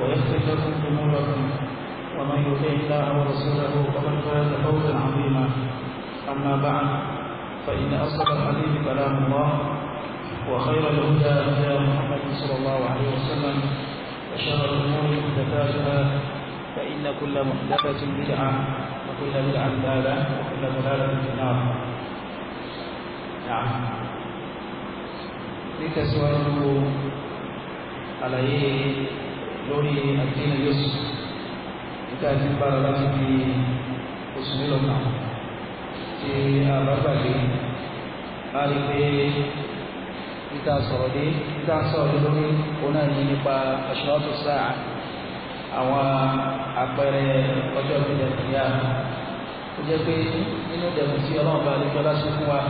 ويغفر لكم ذنوبكم ومن يطع الله ورسوله فقد فاز فوزا عظيما اما بعد فان اصدق الحديث كلام الله وخير الهدى هدى محمد صلى الله عليه وسلم وشر الامور محدثاتها فان كل محدثه بدعه وكل بدعه ضلاله وكل ضلاله في النار نعم لتسوى àlàyé lórí àdínà yóò nígbà tí bára láti fi oṣù mélòó kan tí a bá gbàgbé a rí pé níta sọ̀rọ̀ dé níta sọ̀rọ̀ dé lórí òun náà ní nípa aṣọ́ọ̀tò sáà àwọn àpẹẹrẹ ọjọ́ ìpínlẹ̀ ìyá ó jẹ́ pé nínú ìdẹ̀kùn tí ọlọ́run bá lè jọlá sí fún wa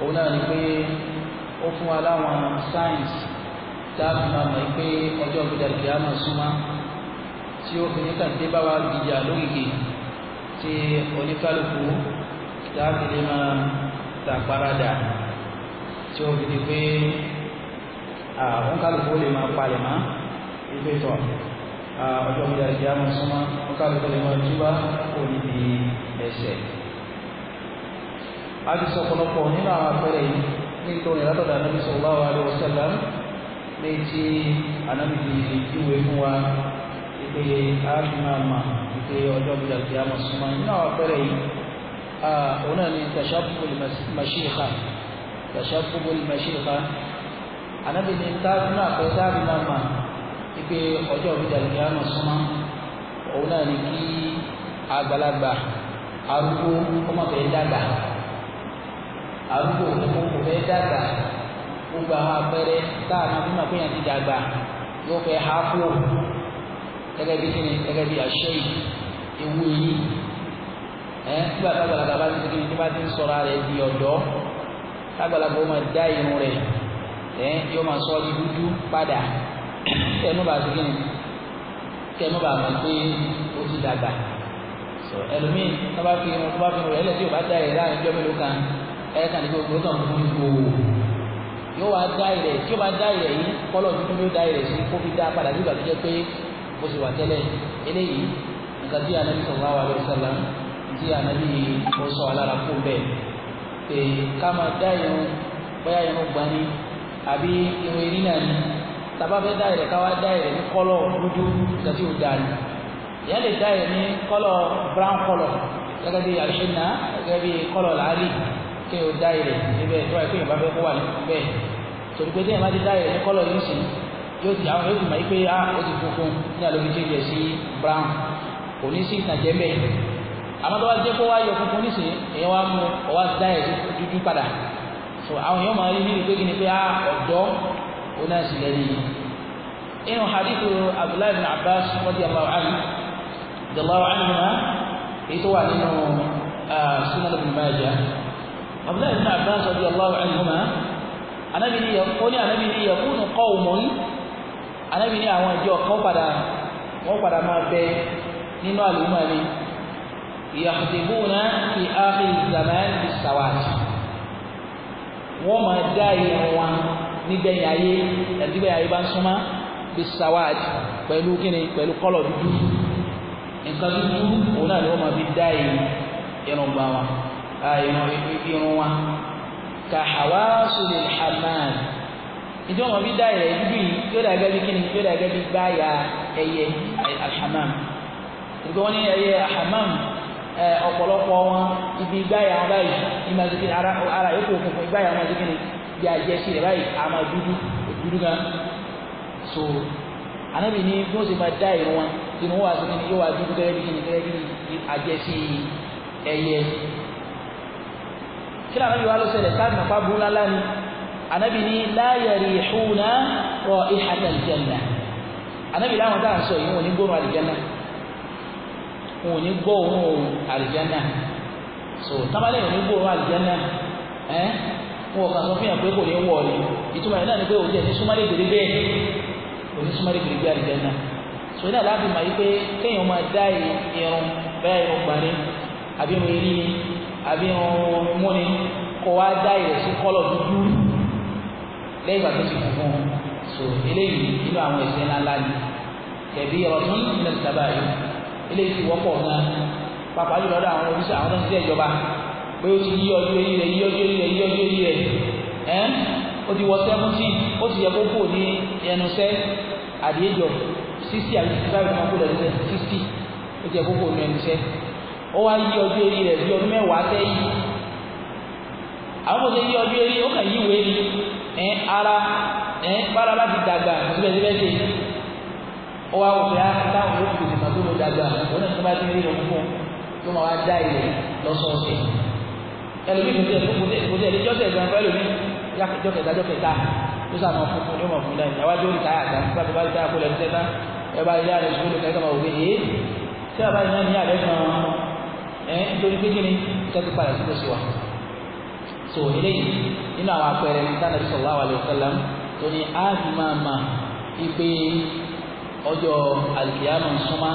òun náà ní pé ó fún wa láwọn sáyẹ̀nsì táàbù máa mọ̀ pé ọjọ́ ìgbìjà kìá mọ̀ súnmọ́ tí ó fi níkà dé bá wa gbìjà lóògì tí oníkálukú táàbù lè máa tàparadà tí ó fi di pé oníkálukú lè máa palẹ̀ mọ́ ibi tọ̀ ọjọ́ ìgbìjà kìá mọ̀ súnmọ́ oníkálukú lè máa túbá kò níbi ẹsẹ̀ a ti sọ ọ̀pọ̀lọpọ̀ nínú àwọn àpẹẹrẹ yìí nítorí látọ̀dà nàbí sallallahu alaihi wasallam ní tí anábìbí ìwé fún wa ìpè áfíàmà ìpè ọjọ́ gbọdọ̀ kí a mọ̀ súnmọ́ nínú àwọn àpẹẹrẹ yìí òun náà ni tashabbuhul mashikha tashabbuhul mashikha anábìbí tábìlì àpẹẹrẹ tábìlì àmà ìpè ọjọ́ gbọdọ̀ kí a mọ̀ súnmọ́ òun náà ni kí àgbàlagbà arúgbó kọ́mọ̀fẹ́ dàgbà arúgbó kọ́mọ̀fẹ́ dàgbà gbogbo àwọn àpẹẹrẹ táà máa fi mọ̀ pé ti dàgbà yóò fẹ́ ha kú gẹ́gẹ́ bí kíni gẹ́gẹ́ bí àṣẹ ewu yìí ẹ̀ nígbà tágbàlagbà bá ti kíni tí bá ti ń sọ̀rọ̀ rẹ̀ di ọ̀dọ́ tágbàlagbà ó máa dá irun rẹ̀ ẹ̀ yóò máa sọ di dúdú padà kẹnu bá ti kíni kẹnu bá mọ̀ pé ó ti dàgbà ẹlòmíì tó bá fi irun tó bá fi irun rẹ̀ lẹ́sìn ò kan ẹ̀ kàn ní gbogbo yóò wá dá ìrẹ̀ tí yóò bá dá ìrẹ̀ yìí kọ́lọ̀ tuntun yóò dá ìrẹ̀ sí kó fi dá padà nígbà tó jẹ́ pé bó ṣe wà tẹ́lẹ̀ eléyìí nǹkan tí anabi sallallahu alaihi wasallam tí anabi ó sọ alára kó bẹ́ẹ̀ pé ká máa dá irun bóyá irun gbani àbí irun erin náà ni tàbá fẹ́ dá ìrẹ̀ ká wá dá ìrẹ̀ ní kọ́lọ̀ dúdú nǹkan tí ò dá ni ìyá lè dá ìrẹ̀ ní kọ́lọ̀ brown kọ́lọ̀ gẹ́gẹ́ bí àṣẹ náà gẹ́gẹ́ bí kọ́lọ̀ làálì kí o dá ilẹ̀ níbẹ̀ tó wáyé pé ìbá fẹ́ kó wà níbẹ̀ torí pé téèyàn bá ti dá ilẹ̀ ní kọ́lọ̀ yìí sí yóò ti àwọn yóò ti mọ̀ yí pé ah ó ti funfun ní àlòbí kéde ẹ̀ sí brown kò ní sí ìtànjẹ́ mẹ́ àmọ́ tó wá jẹ́ kó wá yọ funfun nísìnyí èèyàn wá mú ọ wá dá ẹ̀ dúdú padà so àwọn èèyàn máa rí níbi pé kí ni pé ah ọ̀dọ́ ó náà sì lẹ́nu yìí inú hadithu abdullahi bin abbas radiyallahu anhu radiyallahu anhu èyí abdullahi bin abbas radiyallahu anhuma anabi ni ó ní anabi ni yakunu qawmun anabi ni àwọn ìjọ kan padà wọ́n padà máa bẹ nínú àlùmọ́ ni yàtìbúna fi akhir zaman bisawat wọ́n máa dá irun wa nígbẹ̀yìn ayé ẹ̀dígbẹ̀yìn ayé bá ń súnmọ́ bisawat pẹ̀lú kíni pẹ̀lú kọ́lọ̀ dúdú nǹkan dúdú òun náà ni wọ́n máa fi dá irun wa irun irun wa ka hawa sùlẹ̀ hamad ìjọ wọn bí dáìrẹ ibi yóò dà gẹ́gẹ́ bí kíni yóò dà gẹ́gẹ́ bí gbáyà ẹyẹ alhamam ìgbà wọn ní ẹyẹ alhamam ọ̀pọ̀lọpọ̀ wọn ibi gbáyà wọn báyìí ìmọ̀síkì ara ara yóò kó funfun ìgbáyà wọn síkì ni bí àjẹsí rẹ báyìí àmọ́ dúdú dúdú gan so anabi ni bí wọ́n ṣe máa dá irun wọn irun wọn wà síkì ni yóò wà dúdú gẹ́gẹ́ bí kíni gẹ́gẹ́ bí àjẹsí ẹyẹ kí làwọn yóò wá ló ṣẹlẹ̀ káàdì nàfà burú lálá ni anabi ni láyẹ̀rì ìṣúná rọ ìhàtà ìjẹ̀nà anabi láwọn tá à ń sọ yìí wọn ò ní gbóòórùn àlìjẹ́nà wọn ò ní gbóòórùn àlìjẹ́nà so tábàlẹ̀ ò ní gbóòórùn àlìjẹ́nà ẹ́ wọn ò kà sọ fún yàn pé kò ní wọ̀ ni ìtumọ̀ yẹn náà ni pé òun jẹ́ ní súnmọ́lé gbèrè bẹ́ẹ̀ kò ní súnmọ́lé gbèrè bẹ́ẹ̀ àlìjẹ́nà so ní àlàáfíà yìí pé kéèyàn máa dá irun bẹ́ẹ̀ irun àbí irun múni kó wá dá ilẹ̀ sí kọ́lọ̀ dúdú lẹ́yìn ìgbà tó ti kú fún un so eléyìí nínú àwọn ẹ̀ṣẹ̀ ńláńlá ni kẹ̀bí ọ̀tún ilẹ̀ ìtàbá yìí eléyìí ti wọ́pọ̀ gan pàpà jùlọ lọ́dọ̀ àwọn oníṣẹ́ àwọn tó ń ṣiṣẹ́ ìjọba pé ó ti yí ọjọ́ yí rẹ̀ yí ọjọ́ yí rẹ̀ yí ọjọ́ yí rẹ̀ ẹ́ ó ti wọ sẹ́fúntì ó ti yẹ kókó ní ẹnusẹ́ àdéjọ sísí àti sísá ìfúnnákú lẹ́nu sẹ́ sísí ó ti yẹ kókó ní ẹnusẹ́ ó wá yí ọjọ́ eré rẹ̀ bí ọdún mẹ́wàá sẹ́yìn àwọn kò ṣe yí ọjọ́ eré ó kàn yí wèé ni ẹ ara ẹ bára bá ti dàgbà síbẹ̀síbẹ̀ ṣe ó wá wò pé táwọn yóò fi tètè tó lò dàgbà òun náà tó bá ti rí lọ fún yóò máa wá dá ilẹ̀ lọ́sọ̀ọ̀sẹ̀ ẹlòmíì kò tẹ̀ kò tẹ̀ kò tẹ̀ ẹ̀dí jọ́sẹ̀ gan fẹ́ lòmíì jọ́ kẹta jọ́ kẹta ló sàmọ̀ fún fún yóò mọ̀ fún lẹ́yìn àwájú orí táyà ẹ̀ eh, nítorí pé kí ni so eléyìí nínú àwọn apẹẹrẹ Ànábì sallallahu alaihi wasallam tó ní áàdì máa ma ipe ọjọ́ àlùkìyàmù súnmá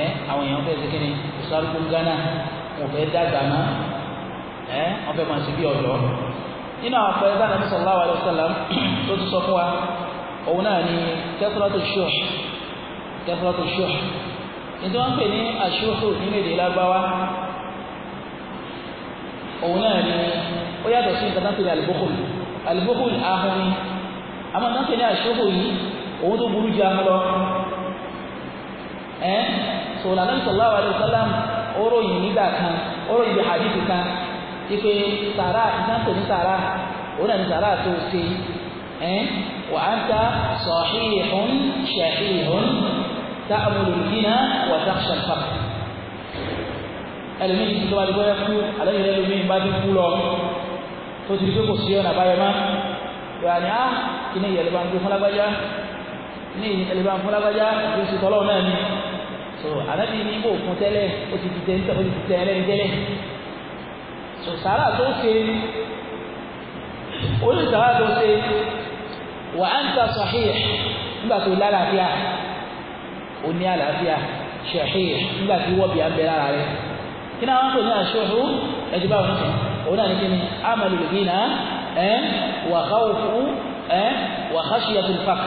ẹ àwọn èèyàn fẹ́ẹ́ sẹ́kẹ́ni ìsárúkú gánà wọn fẹ́ẹ́ dàgbà má ẹ eh, wọn fẹ́ẹ́ máa ṣe bí ọ̀dọ́ nínú àwọn apẹẹrẹ Ànábì sallallahu alaihi tó ti sọ ni nítorí wọ́n ń pè ní àṣùfù nínú èdè lágbáwá òun náà ni ó yàtọ̀ sí nǹkan tó ń pè ní àlùbókò àlùbókò ahun ni àmọ́ tó ń pè ní àṣùfù yìí òun tó burú ju ahun lọ ẹ́ sọ̀rọ̀ àlọ́ sallallahu alaihi wasallam oróyìn nígbà kan oróyìn bí hadith kan ipe sàrà ìdáǹtò ní sàrà òun náà ní sàrà tó ṣe ẹ́ wàá ń ta sahihun shahihun ta'amul al-ghina wa takhsha al-faqr ẹlòmíì ti tó bá dúró yẹ kú alẹ́ yìí lẹ́lòmíì bá dé kú lọ tó ti di pé kò sí ọ̀nà àbáyọ ni ìyẹ̀lẹ̀ bá ń gbé fúnlágbájá náà ni so ànábì ní kó òkun tẹ́lẹ̀ ó ti tẹ̀ ó ti tẹ̀ ẹlẹ́ni tẹ́lẹ̀ so sàrà tó ṣe oníṣàrà tó ṣe wà á ń ta sahih nígbà tó lálàáfíà ó ní àlàáfíà ṣẹ̀hìn nígbà tí wọ́n bí a ń bẹ lára rẹ̀ kí náà wọ́n pè ní àṣọ́hù ẹ̀jú bá wọn sùn òun náà ní kí ni amalu lùgínà ẹ̀ wà káwùkú ẹ̀ wà káṣíyàtú fàk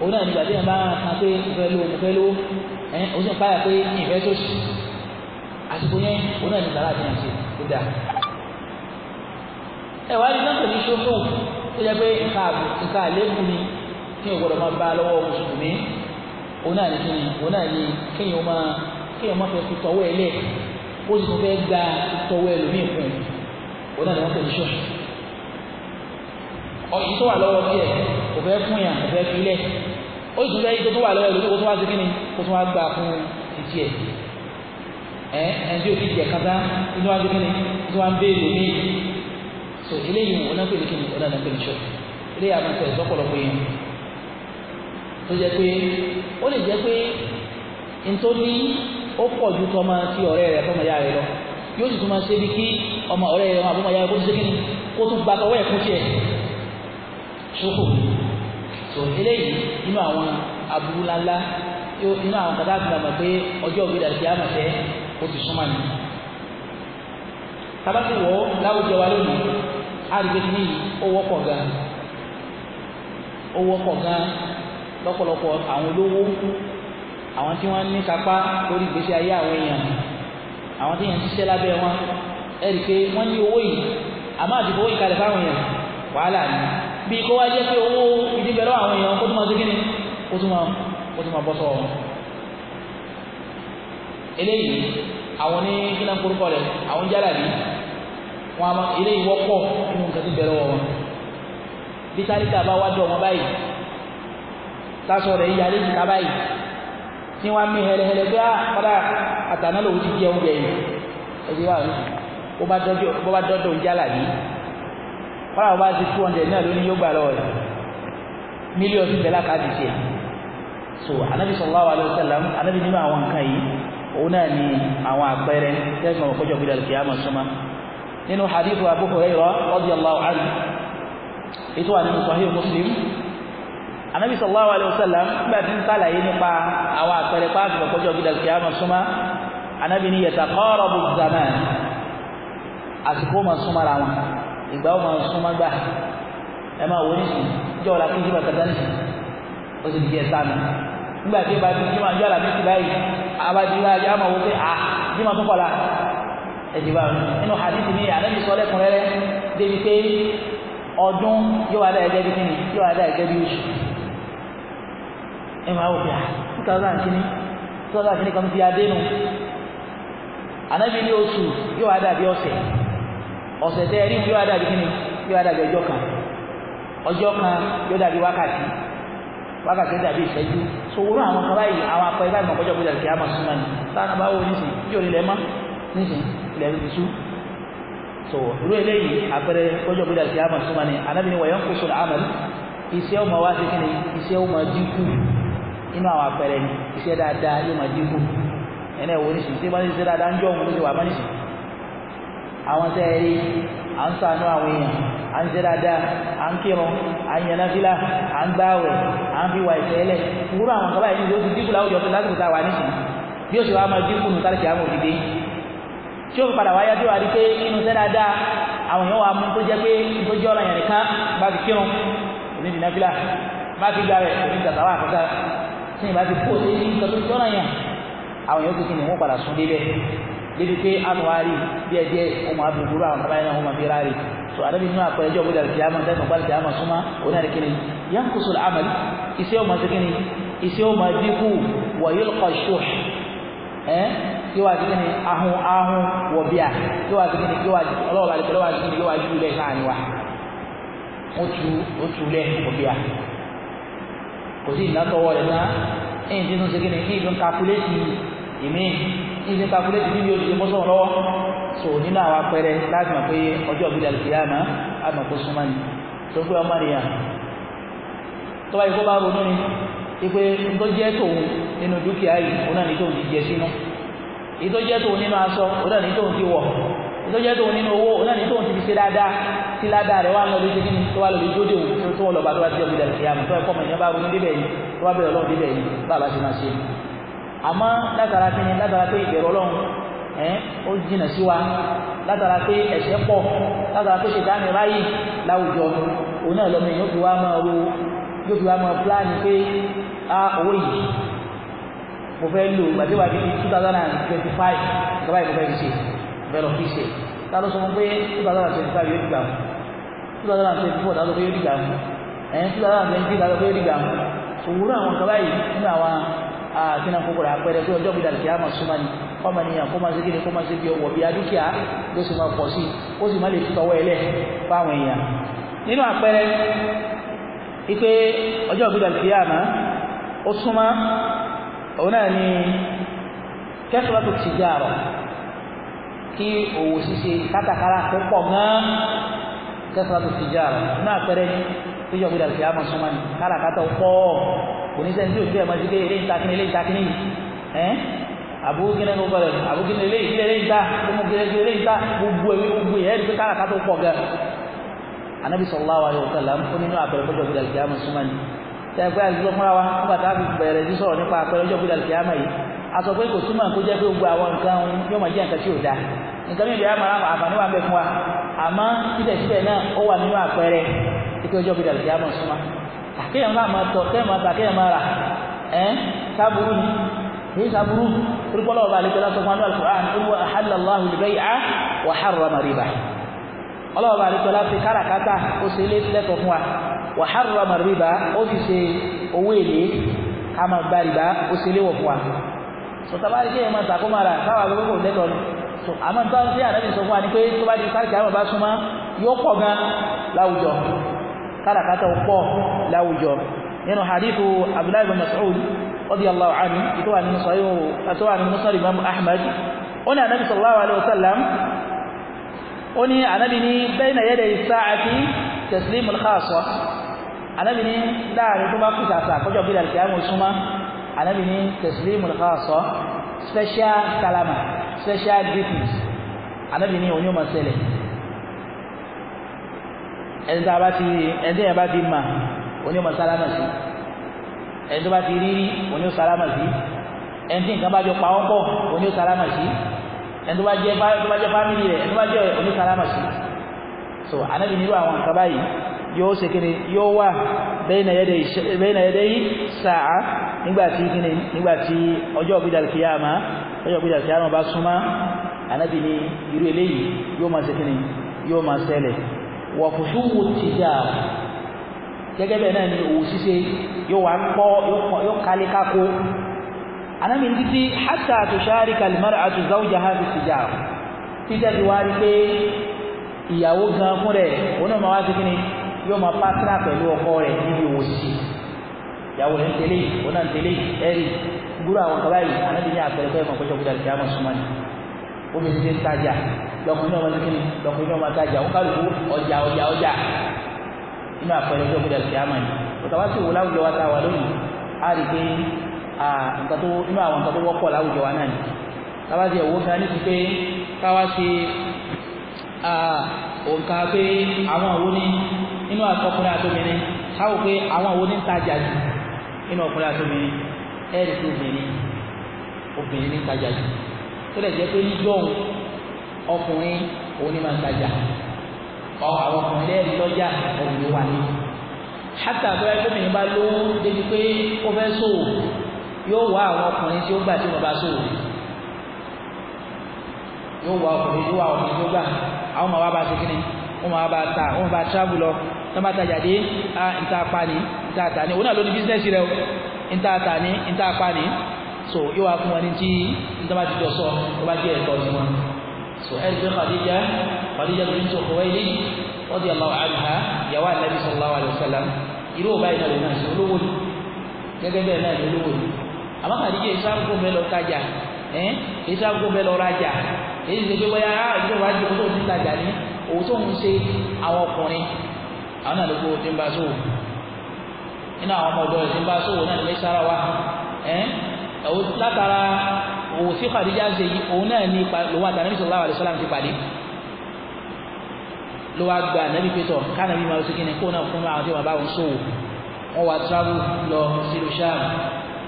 òun náà nígbà tí yẹn bá kan pé ìfẹ́ ló mo fẹ́ ló ẹ̀ ó sì ń páyà pé ìfẹ́ tó sì àsìkò yẹn òun náà ní sàrà àti ìrìnsè tó dáa ẹ wá ní sọ́kùn ní ṣòfò tó yẹ pé nǹkan àlébù ni kí n gbọ́dọ̀ máa bá lọ́wọ́ mùsùlùmí òun náà ní kíni òun náà ní kéèyàn máa kéèyàn máa fẹ́ fi tọwọ́ ẹ lẹ̀ ó sì tún fẹ́ gba tọwọ́ ẹlòmíì fún ẹ òun náà ní wọ́n pè ní ṣọ́ọ̀ṣì ọ̀yìn tó wà lọ́wọ́ bí ẹ̀ kò fẹ́ fún yàn kò fẹ́ fi lẹ̀ ó sì tún fẹ́ yíkó tó wà lọ́wọ́ ẹlòmíì kó tún wá sí kíni kó tún wá gbà fún títí ẹ̀ ẹ̀ ẹ̀ tí ó ti jẹ̀ kátá kó sí kíni kó tún wá ń béèrè míì so eléyìí òun náà pè ní kíni òun náà ní wọ́n pè ní ṣọ́ọ̀ṣì tó jẹ́ pé ó lè jẹ́ pé ntòní ó pọ̀ ju tọ́ máa ti ọ̀rẹ́ rẹ̀ fọmọ ya rẹ̀ lọ yóò sì tún máa ṣe bí kí ọmọ ọ̀rẹ́ rẹ̀ ọmọ ya rẹ̀ kó tún ṣe kí ni kó tún gba tọwọ́ ẹ̀ kú tiẹ̀ ṣókò tó eléyìí nínú àwọn aburú ńláńlá nínú àwọn kàtà àti àmọ̀ pé ọjọ́ òbí dàbí àmọ̀tẹ́ ó ti súnmọ́ ni tabati wọ láwùjọ wa lónìí àrígbé kìíní yìí ó wọ́pọ̀ gan ó wọ́pọ̀ gan lọ́pọ̀lọpọ̀ àwọn olówó àwọn tí wọ́n ní kápá lórí ìgbésí ayé àwọn èèyàn àwọn tí èèyàn ṣiṣẹ́ lábẹ́ wọn ẹ rí i pé wọ́n ní owó yìí àmọ́ àti owó ìkàlẹ̀ fáwọn èèyàn wàhálà ni bí kó wá jẹ́ pé owó ìdíbẹ̀rẹ̀ àwọn èèyàn kó tó máa ṣe kíni kó tó máa kó tó máa bọ́ sọ wọn. eléyìí àwọn ní kíná korúkọ rẹ àwọn jára rí wọn eléyìí wọ́pọ̀ nínú nǹkan tó bẹ̀rẹ̀ wọn bí táríkà bá wá dọ̀ wọn báyìí lásọ rẹ̀ yíya lé jìkà báyìí tí wọ́n mí hẹlẹhẹlẹ pé á ah, kọ́lá àtàná lòun ti jẹun gbẹ̀yìn ẹ̀jẹ̀ wà ní bó bá dọ́dọ̀ ń jálà yìí kọ́lá bó bá ti two hundred náà yóò gbà lọ rẹ̀ ti káàdì tiẹ̀ so anabi sallallahu alayhi anabi nínú àwọn nǹkan yìí òun náà ni àwọn àpẹẹrẹ tẹ́sán òkójọ́ gbé dàlùkì àmọ̀ nínú hadithu Abu Muslim anabi sallallahu alayhi wa sallam nígbà tí ń sàlàyé nípa àwọn àpẹẹrẹ páàkì ọ̀pọ̀jọ́ gíga kìámà súnmọ́ anabi ni yataqarabu zaman àsìkò máa súnmọ́ ra wọn ìgbà ó máa súnmọ́ gbà ẹ máa wọ nísì jọ ọ̀la kí n jíba kàtà nísì ó sì di ẹ̀sán mi nígbà tí ìbá ti jíma jọ ọ̀la méjì báyìí abájú wa yá máa wọ pé à jíma tó kọ̀la ẹ̀jẹ̀ bá mi nínú hadith mi anabi sọ lẹ́kùnrẹ́rẹ́ débi pé ọdún yóò wá dá ẹ̀jẹ̀ bí kíni yóò wá dá ẹ̀jẹ̀ bí oṣù ẹ máa wò bíà ah, two thousand kìíní two thousand kìíní kan ti adénu ànábi ní oṣù yóò wá dàbí ọ̀sẹ̀ ọ̀sẹ̀ tẹ́ ẹ rí yóò wá dàbí kìíní yóò wá dàbí ọjọ́ kan ọjọ́ kan yóò dàbí wákàtí wákàtí yóò dàbí ìṣẹ́jú sòwúrò àwọn kan báyìí àwọn akọ ibà ìmọ̀kọ́jọ́ gbé dàbí kìámà súnmọ́ ni sáà náà bá wọ nísìn yóò nílẹ̀ mọ́ nísìn ilẹ̀ ti sú so irú eléyìí àpẹẹrẹ kọjọ gbé dàbí kìámà súnmọ́ ni ànábi ni wọ̀nyẹ́ ń kó sọ̀rọ̀ àmọ́ iṣẹ́ ọmọ wa ti kí ni iṣẹ́ ọmọ dínkù inú àwọn àpẹẹrẹ ni iṣẹ́ dáadáa yóò máa dínkù ẹnẹ wo níṣì tí wọ́n ti ṣe dáadáa ń jọ òun ní wàá má níṣì àwọn tẹ́ ẹ rí à ń sànú àwọn èèyàn à ń ṣe dáadáa à ń kírun à ń yẹn náfìlà à ń gbáwẹ̀ à ń fi wà ìṣẹ́lẹ̀ wúrọ̀ àwọn kaba yìí ló ti dínkù láwùjọ tó lásìkò tá a wà níṣì bí ó ṣe wàá máa dínkù nù sáré kìámù òdìdé tí ó padà wáyé tí ó wà rí pé inú ṣe dáadáa àwọn èèyàn wà mú tó jẹ́ pé tó jẹ́ ọ̀ràn yẹn nìkan bá fi kírun òní ìdìnnáfìlà bá fi gbáwẹ̀ òní ìtàtàwà àkọ́kọ́ tí ìbá ti kó o débi nǹkan tó tọ́nà yàn àwọn èèyàn kékeré wọn padà sún débẹ̀ débi pé anuwari díẹ̀ díẹ̀ ọmọ abúgbúrú àwọn bàbá yẹn ọmọ abira rè so àdàbí nínú àpẹẹrẹ jọ gbọdọ àti àmọ tẹsán gbọdọ àti àmọ súnmọ́ oní àdìkínní yẹn kò sọlọ àmàlí iṣẹ́ ọmọ àdìkínní iṣẹ́ ọmọ dínkù wọ̀nyí lọkọ ṣó ẹ yíwá àdìkínní ahun ahun wọ bíà yíwá àdìkínní yíwá ọlọ́wọ́ àdìkínní yíwá àdìkínní yíwá àdìkínní yíwá àdìkínní kò sí ìlàtọwọ́ rẹ̀ tán ẹ̀yìn tí tún ṣe kí ni ní ìlú ń kakuléètì ìmí ní ìlú ń kakuléètì bí yóò ti mọ́ sọ̀rọ̀ lọ́wọ́ so nínú àwọn apẹrẹ láti mọ̀ pé ọjọ́ òbí dàlù kìlá àmà àmọ̀ kó súnmọ́ ni tó pé ọmọ rẹ̀ yà tó bá yẹ kó bá ronú ni ipe tó jẹ́ tòun nínú dúkìá yìí òun náà ní tóun ti jẹ sínú èyí tó jẹ́ tòun nínú aṣọ òun náà ní tóun ti wọ̀ tó jẹ́ tóun nínú owó náà ní tóun ti fi ṣe dáadáa tí ládàá rẹ̀ wà ń lọ lójú kí ni tó wà lójú dóde òun tó tóun lọ́ba tó bá ti jẹ́ òkúta ìyá mi tó ẹ̀kọ́ mọ̀ ìyẹn bá ronú débẹ̀ yìí tó bá bẹ̀rẹ̀ ọlọ́run débẹ̀ yìí bàbá ṣe máa ṣe àmọ́ látara kí ni látara pé ìbẹ̀rù ọlọ́run ẹ̀ ó jìnà sí wa látara pé ẹ̀ṣẹ̀ pọ̀ látara pé ṣètánì ráyè láwùjọ òun náà lọ́mọ yóò fi wá máa ro yóò fi wá máa pílánì pé a owó yìí mo fẹ́ lò gbàdéwà bíi two thousand and twenty five ìjọba ìmọ̀fẹ́ fi ṣe fẹ́ lọ fi ṣe ta ló sọ fún pé two thousand and twenty five yóò dìgbà mu two thousand and twenty four ta ló fẹ́ yóò dìgbà mu ẹ̀yìn two thousand and twenty three ta ló fẹ́ mu òwúrọ̀ àwọn nǹkan báyìí nínú àwọn àfihàn kòkòrò àpẹẹrẹ pé ọjọ́ gbìdàlù kí á súnmọ́ ni ọmọ ènìyàn kó máa ṣe kíni kó máa ṣe bí ọwọ́ bí adúkìá ló sì máa pọ̀ sí ó sì má lè tọwọ́ ẹlẹ́ fáwọn èèyàn nínú àpẹẹrẹ ipe ọjọ́ gbìdàlù kí á ó súnmọ́ òun náà ni kẹ́sìlọ́tò tìjà rọ̀ kí òwò ṣíṣe kátàkárà kó pọ̀ gan kẹsàn-án tó fi jára náà pẹrẹ ní fíjọ gbé dàgbé àmọ́ sọmọ ni káràkátà ó pọ̀ oníṣẹ́ ní ojú ẹ̀ máa ti gbé eré ìtakíní eré ìtakíní ẹ̀ àbúkíní ló bẹ̀rẹ̀ àbúkíní eré ìdílé eré ìta gbogbo eré ìta gbogbo ewé gbogbo ẹ̀ ẹ́ ní káràkátà ó pọ̀ gan anabi sallallahu alayhi wa sallam ó nínú àpẹẹrẹ fíjọ gbé dàgbé àmọ́ sọmọ ni tẹgbẹ́ àdúgbò fúnra wa nígbà tá a fi bẹ̀rẹ̀ sí sọ̀rọ̀ nípa àpẹẹrẹ ọjọ́ gbé dàgbé àmọ́ yìí a sọ pé kò túmọ̀ nǹkan mìíràn yà máa àǹfààní wà ń bẹ fún wa àmọ́ síbẹ̀síbẹ̀ náà ó wà nínú àpẹẹrẹ kíkẹ́ ọjọ́ gbẹdàgbẹ́ yà máa súnmọ́ àkéèyàn máa máa tọ̀ kéèyàn máa tà kéèyàn máa rà ẹ́ sábúrú ni èyí sábúrú turukọ́lọ́ ọba àlejò lásán fún anúwàlú Qur'an irú ahallallahu al-bay'a wa harrama riba ọlọ́ọ̀ba àlejò lásán káràkátà ó ṣe ilé lẹ́tọ̀ fún wa wa harrama riba ó sì ṣe owó èlé ká máa gba riba ó ṣe léwọ̀ fún wa sọtabaari kéèyàn máa tà kó máa rà káwá lóko lẹ́tọ̀ àmọ́ nípa tí ànábì sọ fún wa ni pé tó bá di káàkiri àwọn bá súnmọ́ yóò pọ̀ gan láwùjọ káràkátà pọ̀ láwùjọ nínú hadithu abdullahi bin mas'ud radiyallahu anhu ìtò wà nínú sọ̀rọ̀ àti wà nínú sọ̀rọ̀ imam ahmad ó ní ànábì sallallahu alaihi wasallam ó ní ànábì ní bayna yaday sa'ati taslimu al-khassa ànábì ní láàrin tó bá kú sàṣà kọjọ bí dàlkìyàmù súnmọ́ ànábì ní taslimu al special salama special greetings anabi ni òun yóò máa ṣẹlẹ̀ ẹni tí a bá ti ẹni tí yẹn bá ti mà òun yóò máa sálámà sí ẹni tó bá ti rí rí òun yóò sálámà sí ẹni tí nǹkan bá jọ pa ọ́pọ̀ òun sálámà sí ẹni tó bá jẹ tó bá jẹ fámìlì rẹ ẹni tó bá jẹ òun sálámà sí so anabi nílò àwọn nǹkan báyìí yóò ṣe kíni yóò wà bẹ́ẹ̀nà yẹ́dẹ́ yìí sáà nígbà tí nígbà tí ọjọ́ òbí dàlùkìyàmá lọ́jọ́ pé ìdàkẹ́ àrùn bá súnmá ànábì ní irú eléyìí yóò máa ṣẹkẹ́ni yóò máa ṣẹlẹ̀ wà fùsù wò ti dà gẹ́gẹ́ bẹ́ẹ̀ náà ni òwò ṣíṣe yóò wá pọ́ yóò kálí kákó ànábì ní títí hátà àtúnṣáárì kalimara àtúnzáwùjà ha fi ti dà títẹ́ ti wá rí pé ìyàwó gan fún rẹ̀ òun náà máa wá ṣẹkẹ́ni yóò máa pátírà pẹ̀lú ọkọ rẹ̀ níbi òwò ṣíṣe ìyàwó rẹ̀ ń gbúrú àwọn kaba yìí anabi ní àpẹẹrẹ pé ẹ̀fọn kọjọ́ gbúdọ̀ kíámà súnmọ́ ni obìnrin ti ń tajà lọkùnrin náà máa ti kíni lọkùnrin náà máa tajà wọn kálukú ọjà ọjà ọjà nínú àpẹẹrẹ pé gbúdọ̀ kíámà ni òtàwá sì wò láwùjọ wa tá a wà lónìí a rí pé nǹkan tó inú àwọn nǹkan tó wọ́pọ̀ láwùjọ wa náà ni tábàtì ẹ̀wọ́ gan ní ti pé káwá ṣe òǹkà pé àwọn òwò ní inú àtọkùnrin àtòmìnrin káwò pé àwọn òwò ní ń tajà jù inú ọkùnrin àtòmìnrin ẹ̀rí tó obìnrin obìnrin ní tajà jù tó lè jẹ́ pé níjọ́ ọkùnrin òun ní máa ń tajà àwọn ọkùnrin lẹ́ẹ̀rí lọ́jà òun ló wà ní. hátà bẹ́ẹ̀ gómìnà bá ló débi pé ó fẹ́ sòwò yóò wá àwọn ọkùnrin tí ó gbà tí wọ́n bá sòwò yóò wá ọkùnrin yóò wá ọkùnrin tí ó gbà àwọn ọmọ wa bá ṣe kí ni wọ́n máa bá ta wọ́n máa bá travel lọ tọ́mátàjáde ah, ìta apani ìta àtàní òun náà ló ní bísíǹsì rẹ o níta ta ní níta pa ní so yóò wá fún wọn ní tí níta bá ti jọ sọ tó bá jẹ́ ẹ̀tọ́ ní wọn so ẹni pé Khadija Khadija bintu Khuwaylid radiyallahu anha yàwó anabi sallallahu alayhi wa sallam irú ọba yìí náà lè náà ṣe olówó ni gẹ́gẹ́ bẹ́ẹ̀ náà lè olówó ni àmọ́ Khadija ìsáàbùkù bẹ́ẹ̀ lọ tajà ẹ̀ ìsáàbùkù bẹ́ẹ̀ lọ rajà èyí ṣe pé bóyá ah, ìjọba àjẹkù tó ti tajà ní àwọn ọkùnrin àwọn àlùkò tó nínú àwọn ọmọ ọ̀dọ́ rẹ̀ tí ń bá sòwò náà lè sára wa látara òwò sí Khadija ṣe yìí òun náà ní lówó àtàlẹ́bí sallallahu alaihi wasallam ti pàdé ló wá gba ànábì pétọ̀ kánàbí máa ṣe kíni kó náà fún àwọn tí wọn bá wọn sòwò wọn wá travel lọ sílùú Sham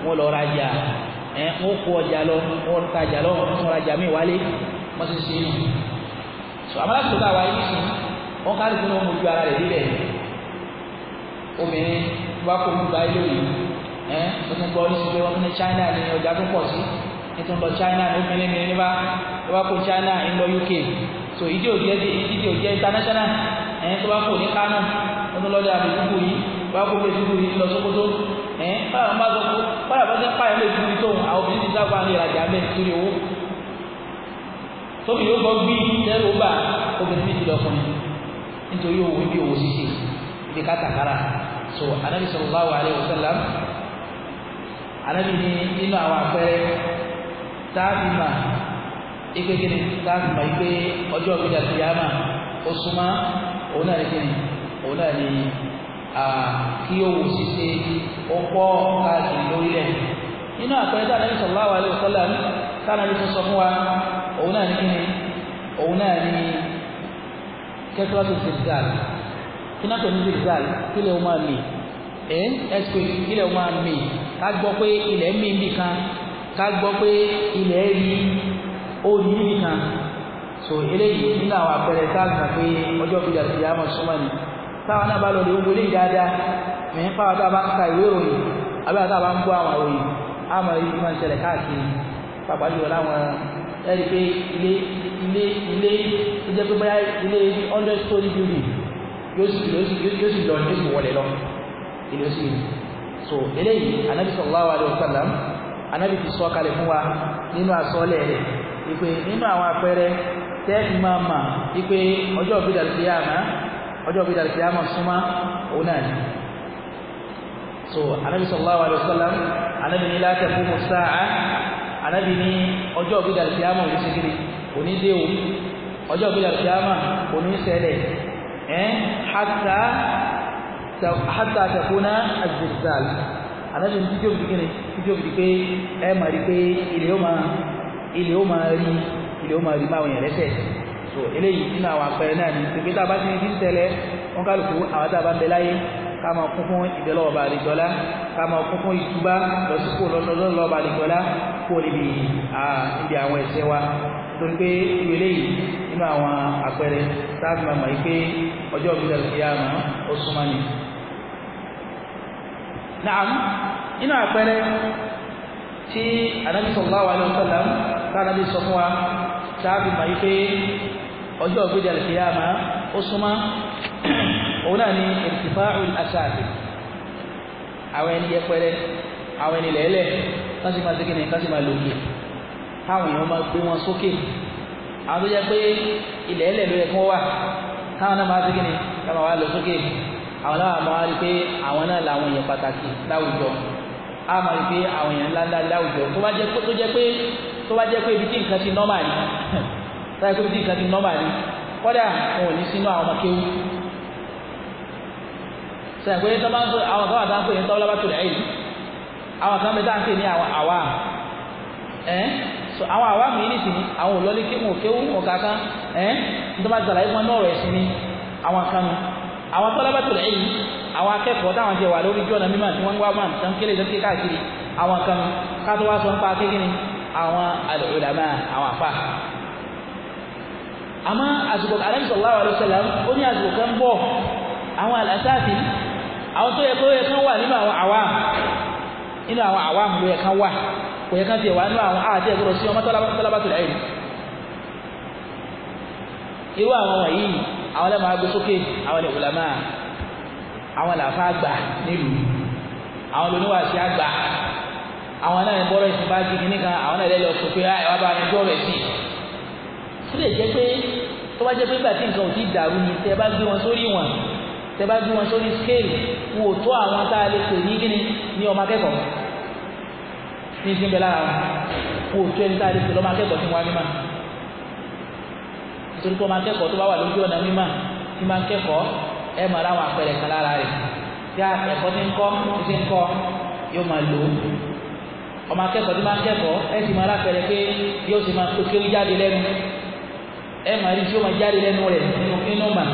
wọn lọ rajà ẹ wọn kó ọjà lọ wọn tajà lọ wọn tún rajà míì wálé wọn sì ṣe é sọ àmàlà tó dáa wáyé nìyí wọn kárí fún obìnrin bá kó olùgbà ilé yìí ẹ ó tún gbọ́ oríṣi pé wọ́n tún ní China ní ọjà tó pọ̀ sí nítorí lọ China ní obìnrin ní níbà tó bá kó China ń lọ UK so ìdí òjẹ́ ìdí òjẹ́ international ẹ tó bá kó ní Kano ó tún lọ́dọ̀ àbẹ̀dúgbò yìí tó bá kó bẹ̀dúgbò yìí lọ Sókótó ẹ báwọn bá sọ pé báwọn bá sẹ́ pààyàn lè dúró tóun àwọn obìnrin ti sáfà ní ìrajà bẹ́ẹ̀ sórí owó tóbi yóò gbọ́ gbí lẹ́rù bá obìnrin méjì lọ́kùnrin nítorí òun ibi òwò ṣíṣe ibi kátàkárà so anabi sallallahu alayhi wa sallam anabi ni nínú àwọn àpẹẹrẹ táàbì mà ipe kini táàbì mà ipe ọjọ́ ìgbéjà ti yá mà ó súnmọ́ òun náà ní kini òun náà ní kí owó ṣíṣe ó pọ̀ káàkiri lórílẹ̀ nínú anabi sallallahu alayhi wa sallam táàbì tó sọ fún wa òun náà kini òun náà ní tó ti dà kínáàtọ̀ ní zigzag kílẹ̀ ó máa mì ẹ́ earthquake kílẹ̀ ó máa mì ká gbọ́ pé ilẹ̀ mì nìkan ká gbọ́ pé ilẹ̀ rí òní so eléyìí nínú àwọn àpẹẹrẹ táàgbà pé ọjọ́ ìgbìyà ti yá mọ̀ súnmọ́ ni táwọn náà bá lọ lè wọlé dáadáa tá a bá ń ka ìwé ìròyìn àbí àtàwọn bá ń gbọ́ àwọn ìròyìn àmọ́ èyí máa ń ṣẹlẹ̀ káàkiri láwọn pé ilé ilé ilé ó jẹ́ pé báyà ilé yóò sì lọ yóò sì wọlé lọ ilé ó sì yìí so eléyìí anabi sallallahu alayhi wa sallam anabi ti sọ kalẹ̀ fún wa nínú àsọlẹ̀ rẹ̀ ìpè nínú àwọn àpẹẹrẹ tẹ́ ìmáàmà ìpè ọjọ́ òbí dàlùkìyàmà ọjọ́ òbí dàlùkìyàmà súnmá òun náà ni so anabi sallallahu alayhi wa sallam anabi ní la taqumu sa'a anabi ní ọjọ́ òbí dàlùkìyàmà òun ṣe o òní dé o ọjọ́ òbí dàlùkìyàmà òní ṣẹlẹ̀ hátà eh? hátà àtẹ̀kúnná azizal anáṣẹ́ ní tíjọ́ bìí tíjọ́ bìí pé ẹ máa rí pé ilẹ̀ ó máa ilẹ̀ ó máa rí ilẹ̀ ó máa rí máa wọ̀nyẹn lẹ́sẹ̀ so eléyìí nínú àwọn àpẹẹrẹ náà ni pé tá a bá ti ní tẹ́lẹ̀ wọn kálukú àwọn tá a bá ń bẹ láyé ká máa kún fún ìbẹ̀lọ́wọ̀ bá rí jọlá ká máa kún fún ìtúbá lọ sí kó lọ́sọ̀lọ́ bá rí jọlá kó níbi àwọn ẹ̀ṣẹ̀ wa torí pé ìwélé yìí nínú àwọn àpẹẹrẹ táàbù máa mọ̀ yìí pé ọjọ́ òbí dàrú sí àmà ó súnmọ́ ni. naam nínú àpẹẹrẹ tí anabi sallallahu alaihi wasallam táàbù sọ fún wa táàbù mọ̀ yìí pé ọjọ́ òbí dàrú sí àmà ó súnmọ́ òun náà ni ìrìtìfáàrù asáàbì àwọn ẹni yẹpẹrẹ àwọn ẹni lẹ́lẹ̀ kásìmá sí kí kásìmá lòkè táwọn èèyàn máa gbé wọn sókè àwọn tó jẹ́ pé ilẹ̀ ẹlẹ̀ ló yẹ kí wọ́n wà táwọn náà máa sékè ni táwọn wà lọ sókè àwọn náà máa rí pé àwọn náà làwọn èèyàn pàtàkì láwùjọ á máa rí pé àwọn èèyàn ńláńlá láwùjọ tó bá jẹ́ pé tó jẹ́ pé tó bá jẹ́ pé ibi tí nǹkan ti nọ́mà ni táyà pé ibi tí nǹkan ti nọ́mà ni kọ́dà wọn ò ní sínú àwọn ọmọ sẹ́yìn pé àwọn kan wà àwọn kan ń pè ní àwọn so àwọn àwa mi ní sìn àwọn òlọ́lé kéwù kéwù wọn kankan ẹ̀ ń tó bá ti sàlàyé fún ẹ náà rẹ̀ sí ni àwọn kan nu àwọn tọ́lábàtò rẹ̀ yìí àwọn akẹ́kọ̀ọ́ táwọn jẹ wà lórí jọ́nà mímọ̀ tí wọ́n ń wá mọ̀ tán kéré tó ké káàkiri àwọn kan ká tó wá sọ nípa kékeré àwọn alùlámà àwọn àfà. àmọ́ àsìkò Ànábì sallallahu alaihi wasallam ó ní àsìkò kan bọ̀ àwọn àlàsáàfì àwọn tó yẹ kó yẹ kán wà nínú àwọn àwa nínú àwọn àwa kò yẹ ká tiẹ̀ wà nínú àwọn àti ẹ̀gbọ́dọ̀ sí ọmọ tọ́lábàtò lẹ́yìn irú àwọn wọ̀nyí àwọn lẹ́mọ̀ agbé sókè àwọn lè wùlámà àwọn làfà àgbà nílùú àwọn lóníwàsí àgbà àwọn náà bọ́rọ̀ ẹ̀sìn bá gidi nìkan àwọn náà lẹ́lẹ́ ọ̀sùn pé ah, ẹ̀ wá bá mi bọ́rọ̀ ẹ̀sìn tó lè jẹ́ pé tó bá jẹ́ pé nígbà tí nǹkan ò ti dàrú ni tẹ́ bá gbé wọn sórí wọn tẹ́ bá gbé wọn sórí scale wò tó àwọn tá a lè pè ní gíní ní ọmọ akẹ́kọ̀ọ́ ní ìsìn bẹ lára wọn kó tó ẹni táyà lẹsẹ lọmọ akẹ́kọ̀ọ́ tí wọn ní mà nítorí pé ọmọ akẹ́kọ̀ọ́ tó bá wà lójú ọ̀nà mímà tí máa ń kẹ́kọ̀ọ́ ẹ mọ̀ láwọn àpẹẹrẹ kan lára rẹ̀ tí ẹ̀kọ́ ti ń kọ́ ti ń kọ́ yóò máa lò ó ọmọ akẹ́kọ̀ọ́ tí máa ń kẹ́kọ̀ọ́ ẹ sì máa lápẹẹrẹ pé yóò sì máa tó jáde lẹ́nu ẹ máa rí tí ó máa jáde lẹ́nu rẹ̀ nínú mà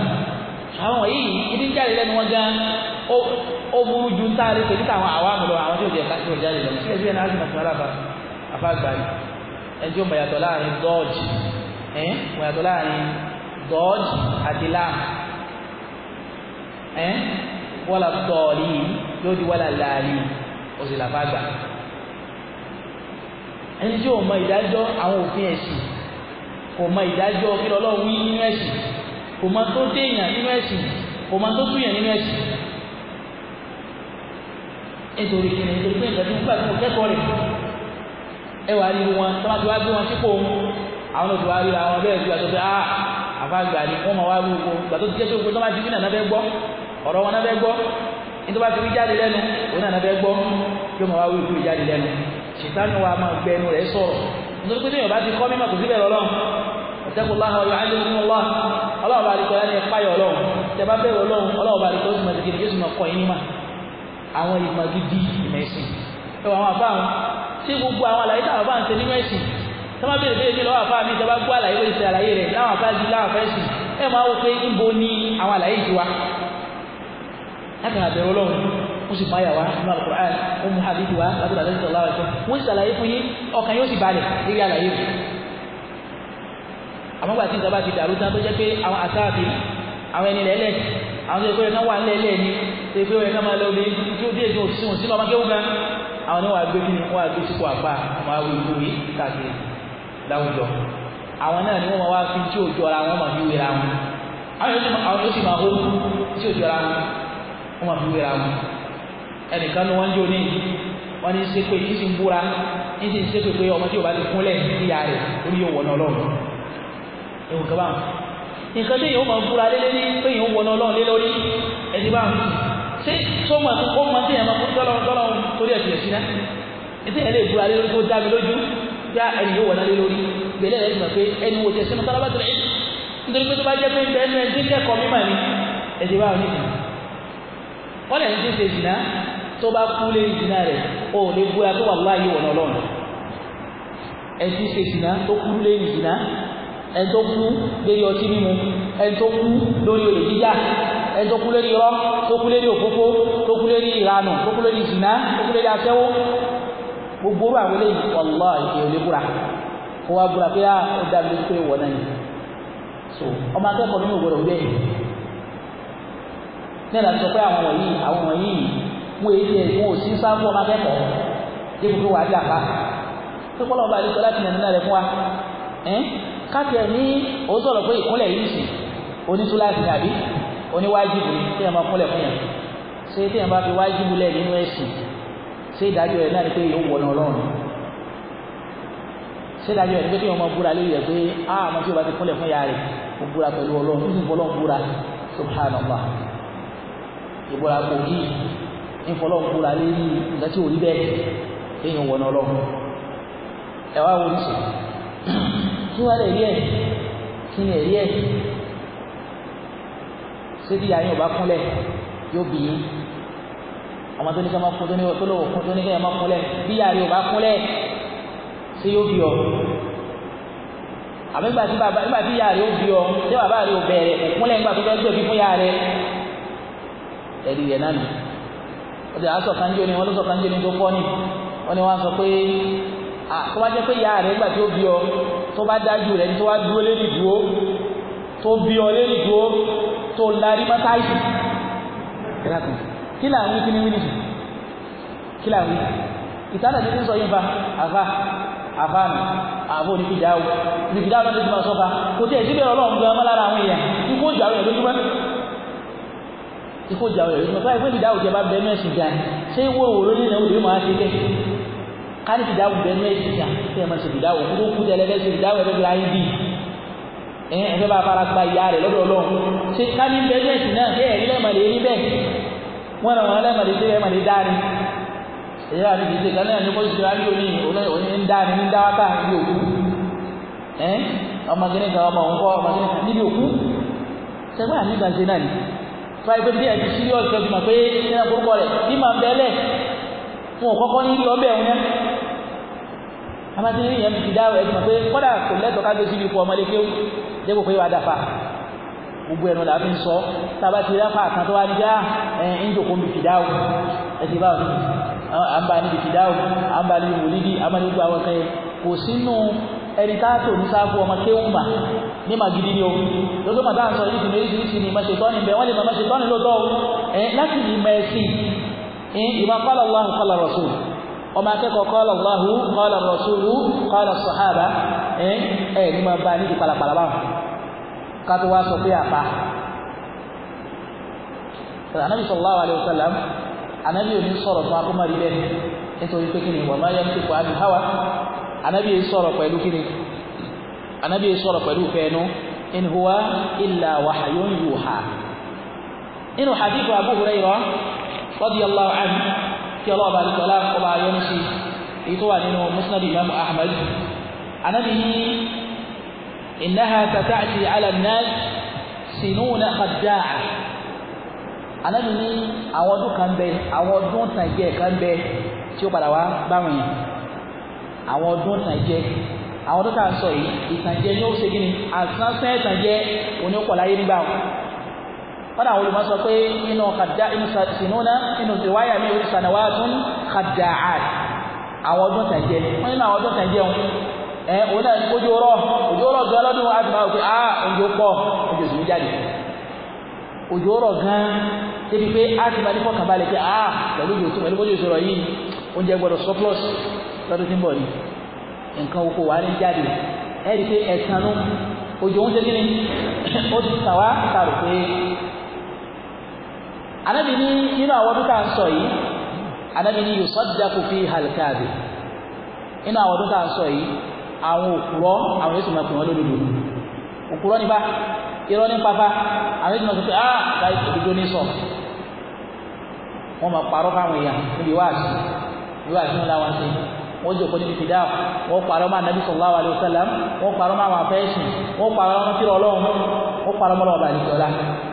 àwọn yìí ibi jáde lẹ́nu wọn gan ó burú ju tá a lè ṣe níta àwọn àwa àmọ̀lọ́ àwọn tí ò jẹ́ káṣí ọ̀já lè lọ sílẹ̀ sílẹ̀ náà sì máa fún alábà àfàgbà yìí ẹni tí ó mọ̀ yàtọ̀ láàrin dọ́ọ̀jì ẹ̀ mọ̀ yàtọ̀ láàrin dọ́ọ̀jì àti láàmù ẹ̀ wọ́lá tọ̀ọ̀lì yóò di wọ́lá láàrin òsì làfàgbà ẹni tí ò mọ̀ ìdájọ́ àwọn òfin ẹ̀sìn kò mọ̀ ìdájọ́ kí lọ́lọ́run wí nínú ẹ̀sìn kò mọ̀ tó déèyàn nínú ẹ̀sìn kò mọ̀ tó túyàn nínú ẹ̀sìn nítorí kí ni nítorí pé ìgbà tí nígbà tí mo kẹ́kọ̀ọ́ rẹ̀ ẹ wà rí wọn tó bá ti gbé wọn sípò òun àwọn náà ti rí àwọn bẹ́ẹ̀ ju àtọ́fẹ́ a ah, àfàgbà wá gbà tó ti jẹ́ pé ti àwọn ìmọ̀ gidi ìmọ̀ ẹ̀sìn ẹwà àwọn àbá wọn tí gbogbo àwọn àlàyé táwọn bá ń ṣe nínú ẹ̀sìn tó bá béèrè béèrè lọ́wọ́ àbá mi tó bá gbọ́ àlàyé lórí ṣe àlàyé rẹ̀ láwọn àbá ju láwọn fẹ́sìn ẹ máa wò pé níbo ni àwọn àlàyé yìí wá láti rà bẹ̀rù ọlọ́run wọ́n sì báyà wá nínú Al-Qur'an wọ́n mú àbíkú wá lábẹ́ àlẹ́ sọ̀rọ̀ láwọn ẹ̀sọ́ wọ́n sì ṣàlàyé fún yín ọkàn yóò sì balẹ̀ lórí àlàyé rẹ̀ àmọ́gbà tí ìjọba ti dàrú tán tó jẹ́ pé àwọn àtàbí àwọn ẹni lẹ́lẹ̀ àwọn tó yẹ kó yẹ ká wà lẹ́lẹ̀ ni tó yẹ kó yẹ ká máa lọ bí tó bí èso sí wọn sínú ọmọ kéwù gan àwọn ni wọn àgbé kí ni wọn àgbé sípò àgbà wọn ìlú yìí káàkiri láwùjọ àwọn náà ni wọn máa wá fi tí ò jọra wọn máa fi wéra wọn àwọn sì máa hó tí ò jọra wọn wọn máa fi wéra wọn ẹnìkan ni wọn jó ní wọn nǹkan tí èèyàn máa búra lé lérí pé èèyàn wọnà ọlọ́run lé lórí ẹ̀dí bá ń ṣe tó mọ̀ tó mọ̀ tí èèyàn máa kú tọ́lọ́ tọ́lọ́ torí ẹ̀sìn ẹ̀sìn náà ètò ìyẹn lè búra lé lórí tó dá mi lójú yá ẹni yóò wọnà lé lórí rẹ̀ pé ẹni wo tẹ̀sí tẹ̀lé nítorí pé tó bá jẹ́ pé kẹ́kọ̀ọ́ mímọ̀ ni ẹ̀dí bá wọ́n ń ẹni tó kú lórí ọtí mímu ẹni tó kú lórí olè jíjà ẹni tó kú lórí irọ́ tó kú lórí òfófó tó kú lórí ìranù tó kú lórí ìsìná tó kú lórí aṣẹ́wó gbogbo orú àwọn eléyìí ọlọ́ ìdíyẹ olè búra kó wá búra pé á ah, ó dá mi pé wọ̀ náà ni so ọmọ akẹ́kọ̀ọ́ nínú ògbọ́dọ̀ gbé yìí ní ìlànà sọ pé àwọn wọ̀nyí àwọn wọ̀nyí wọn èyí ẹ̀ wọn ò sí sáfù ọmọ akẹ́kọ̀ọ́ dé gbogbo wàá dàpá tó kọ́ lọ́ọ́ bá a lè sọ láti nàìjíríà rẹ̀ káfíẹ̀ ní ó sọ̀rọ̀ pé ìkúnlẹ̀ yìí sì onítúláàsì àbí oníwájìbù ni téèyàn máa kúnlẹ̀ fún yàn ṣé téèyàn bá fi wájìbù lẹ̀ nínú ẹ̀sìn ṣé ìdájọ́ rẹ̀ náà ni pé yóò wọnà ọlọ́run ṣé ìdájọ́ rẹ̀ ni pé téèyàn máa búra lórí rẹ̀ pé a àmọ́ tí o bá ti kúnlẹ̀ fún yàrá o búra pẹ̀lú ọlọ́run o sì búra subhanallah ìbúra kò kí ìfọlọ́ búra lórí nǹkan tí ò rí bẹ́ẹ̀ téèyàn wọnà ọlọ́run ẹ wá kí wọ́n lè rí ẹ̀ kí ni ẹ̀rí ẹ̀ sébi yàrá yóò bá kúnlẹ̀ yóò bì í ọmọ tó ní ká má kún tó ní tó lówó kún tó ní ká yà má kúnlẹ̀ bí yàrá yóò bá kúnlẹ̀ sí yóò bì ọ àmì nígbà tí bàbá nígbà tí yàrá yóò bì ọ tí bàbá rẹ ò bẹ̀rẹ̀ kúnlẹ̀ nígbà tó fẹ́ gbẹ̀bí fún yàrá rẹ ẹ̀rí rẹ̀ náà nù ó ti àásọ̀ ni wọ́n ló sọ kanjú ni tó fọ́ ni wọ́n ni wọ́n á sọ pé àkọ́wájẹ́ pé yàrá rẹ nígbà tí ó bì tó bá dájú rẹ̀ ní tó wá dúró lérí ìdúró tó bí ọ lérí ìdúró tó larí mọ́tà ìsìn ìrákùn kí là ń wí kí ni wí nìyí kí là ń wí ìtànà tí ń sọ yín fa àfa àfa nù àbò onífìdá o onífìdá o náà ti máa sọ fa kò tí ẹ̀ síbẹ̀ ọlọ́run gan mọ́ lára àwọn èèyàn ikú ìjà rẹ̀ lójúmọ́ ikú ìjà rẹ̀ lójúmọ́ báyìí pé ìdá òjẹ́ bá bẹ́ẹ̀ mẹ́sìn gan ṣé ìwọ òwúrọ̀ nínú ìwé máa ṣe kẹ́kẹ́ kárí fìdáwò bẹ́ẹ̀ ní ẹ̀sìn sàn kí ẹ máa ṣe fìdáwò kúrò kú tẹ́lẹ̀ fẹ́ ṣe fìdáwò ẹ̀rọ ìlà yín bì ẹ̀ ẹ̀ fẹ́ fara gba ìyá rẹ̀ lọ́dọ̀ ọlọ́run ṣe kárí bẹ́ẹ̀ ní ẹ̀sìn náà kẹ́ ẹ̀rí lẹ́ẹ̀mọ̀lẹ́ rí bẹ́ẹ̀ wọ́n ràn wọ́n lẹ́ẹ̀mọ̀lẹ́ sí lẹ́ẹ̀mọ̀lẹ́ dárin ẹ̀yà amadi ní yẹn ti dáwọ ẹni mọ pé kódà kò lẹ́tọ̀ ká gbé síbi ipò ọmọlékéwù dépò pé wàá dàfà gbogbo ẹnu la fi ń sọ tába ti dáfà kan tó wá ní já ah, ẹ ń jòkó níbi fìdáwò ẹ ti bá wọn à ń bá níbi fìdáwò à ń bá níbi wòlídì à ń bá níbi àwọn kan yẹn kò sínú ẹni tá a tò ní sáfù ọmọ kéwù mà ní ma gidi ni o lókè màtá à ń sọ yìí oríṣiríṣi ni màṣetọ́ni bẹ́ẹ̀ wọ́n lè mọ̀ màṣetọ́ni lóòótọ́ ẹ láti ìmọ̀ ẹ̀sìn ìmọ̀ qala Allahu qala Rasul ọmọ akẹ́kọ̀ọ́ qala Allahu qala rasulu qala sahaba ẹ ẹ ní máa bá a nídìí palapala báwọn kátó wá sọ pé àpá anabi sallallahu alayhi wa sallam anabi ò ní sọ̀rọ̀ fún akómọdé bẹ́ẹ̀ nítorí pé kíni wà má yẹ kí kò á di hawa anabi yẹ sọ̀rọ̀ pẹ̀lú kíni anabi yẹ sọ̀rọ̀ pẹ̀lú fẹ́ẹ́nu in huwa illa wahyun yuha inú hadith abu hurayra radiyallahu kí ọlọ́ọ̀bá alìkọ́lá ọba ayọ́nu sí èyí tó wà nínú musnad imam ahmad anabi ní innaha tata'ti ala an-nas sinuna khadda'a anabi ní àwọn ọdún kan bẹ àwọn ọdún tàjẹ kan bẹ tí ó padà wá báwọn yẹn àwọn ọdún tàjẹ àwọn ọdún tà sọ yìí ìtàjẹ ni ó ṣe kí ni àtúnṣe ìtàjẹ oníkọ̀láyé nígbà wọn wọn àwọn olùmọ̀ sọ pé inú kàdá inú sinúna inú ìwáyà mi orí sànàwá tún kàdá àd àwọn ọdún tàjẹ wọn nínú àwọn ọdún tàjẹ wọn ẹ òun náà ojú rọ ojú rọ gan lọdún wa àtúmọ̀ ah, pé a ojú pọ̀ ojú sì ń jáde ojú rọ gan débi pé a ní fọkànbalẹ̀ pé a ah, pẹ̀lú ojú tó ojú ìṣòro yìí oúnjẹ gbọdọ̀ surplus lọ́dún tí ń bọ̀ ni nǹkan oko wà ní jáde ẹ rí i pé ẹ̀sán ojú oúnjẹ kí ni ó ti tàwa tàrò pé anábì ní nínú àwọn ọdún tá à ń sọ yìí anábì ní yusaddaqu fiha al-kadhib nínú àwọn ọdún tá à ń sọ yìí àwọn òkúrọ́ àwọn yóò sì máa pè wọ́n lódodo òkúrọ́ nípa irọ́ ní pápá àwọn yóò sì sọ pé ah láì òdodo ní sọ wọ́n máa parọ́ fáwọn èèyàn níbi wáàsí níbi wáàsí ńlá wọn sí wọ́n jòkó níbi fìdá wọ́n parọ́ máa nàbí sallallahu alaihi wasallam wọ́n parọ́ máa wà fẹ́ẹ̀sì wọ́n parọ́ máa fi ọlọ́run wọ́n parọ́ máa lọ́wọ́ bàlẹ́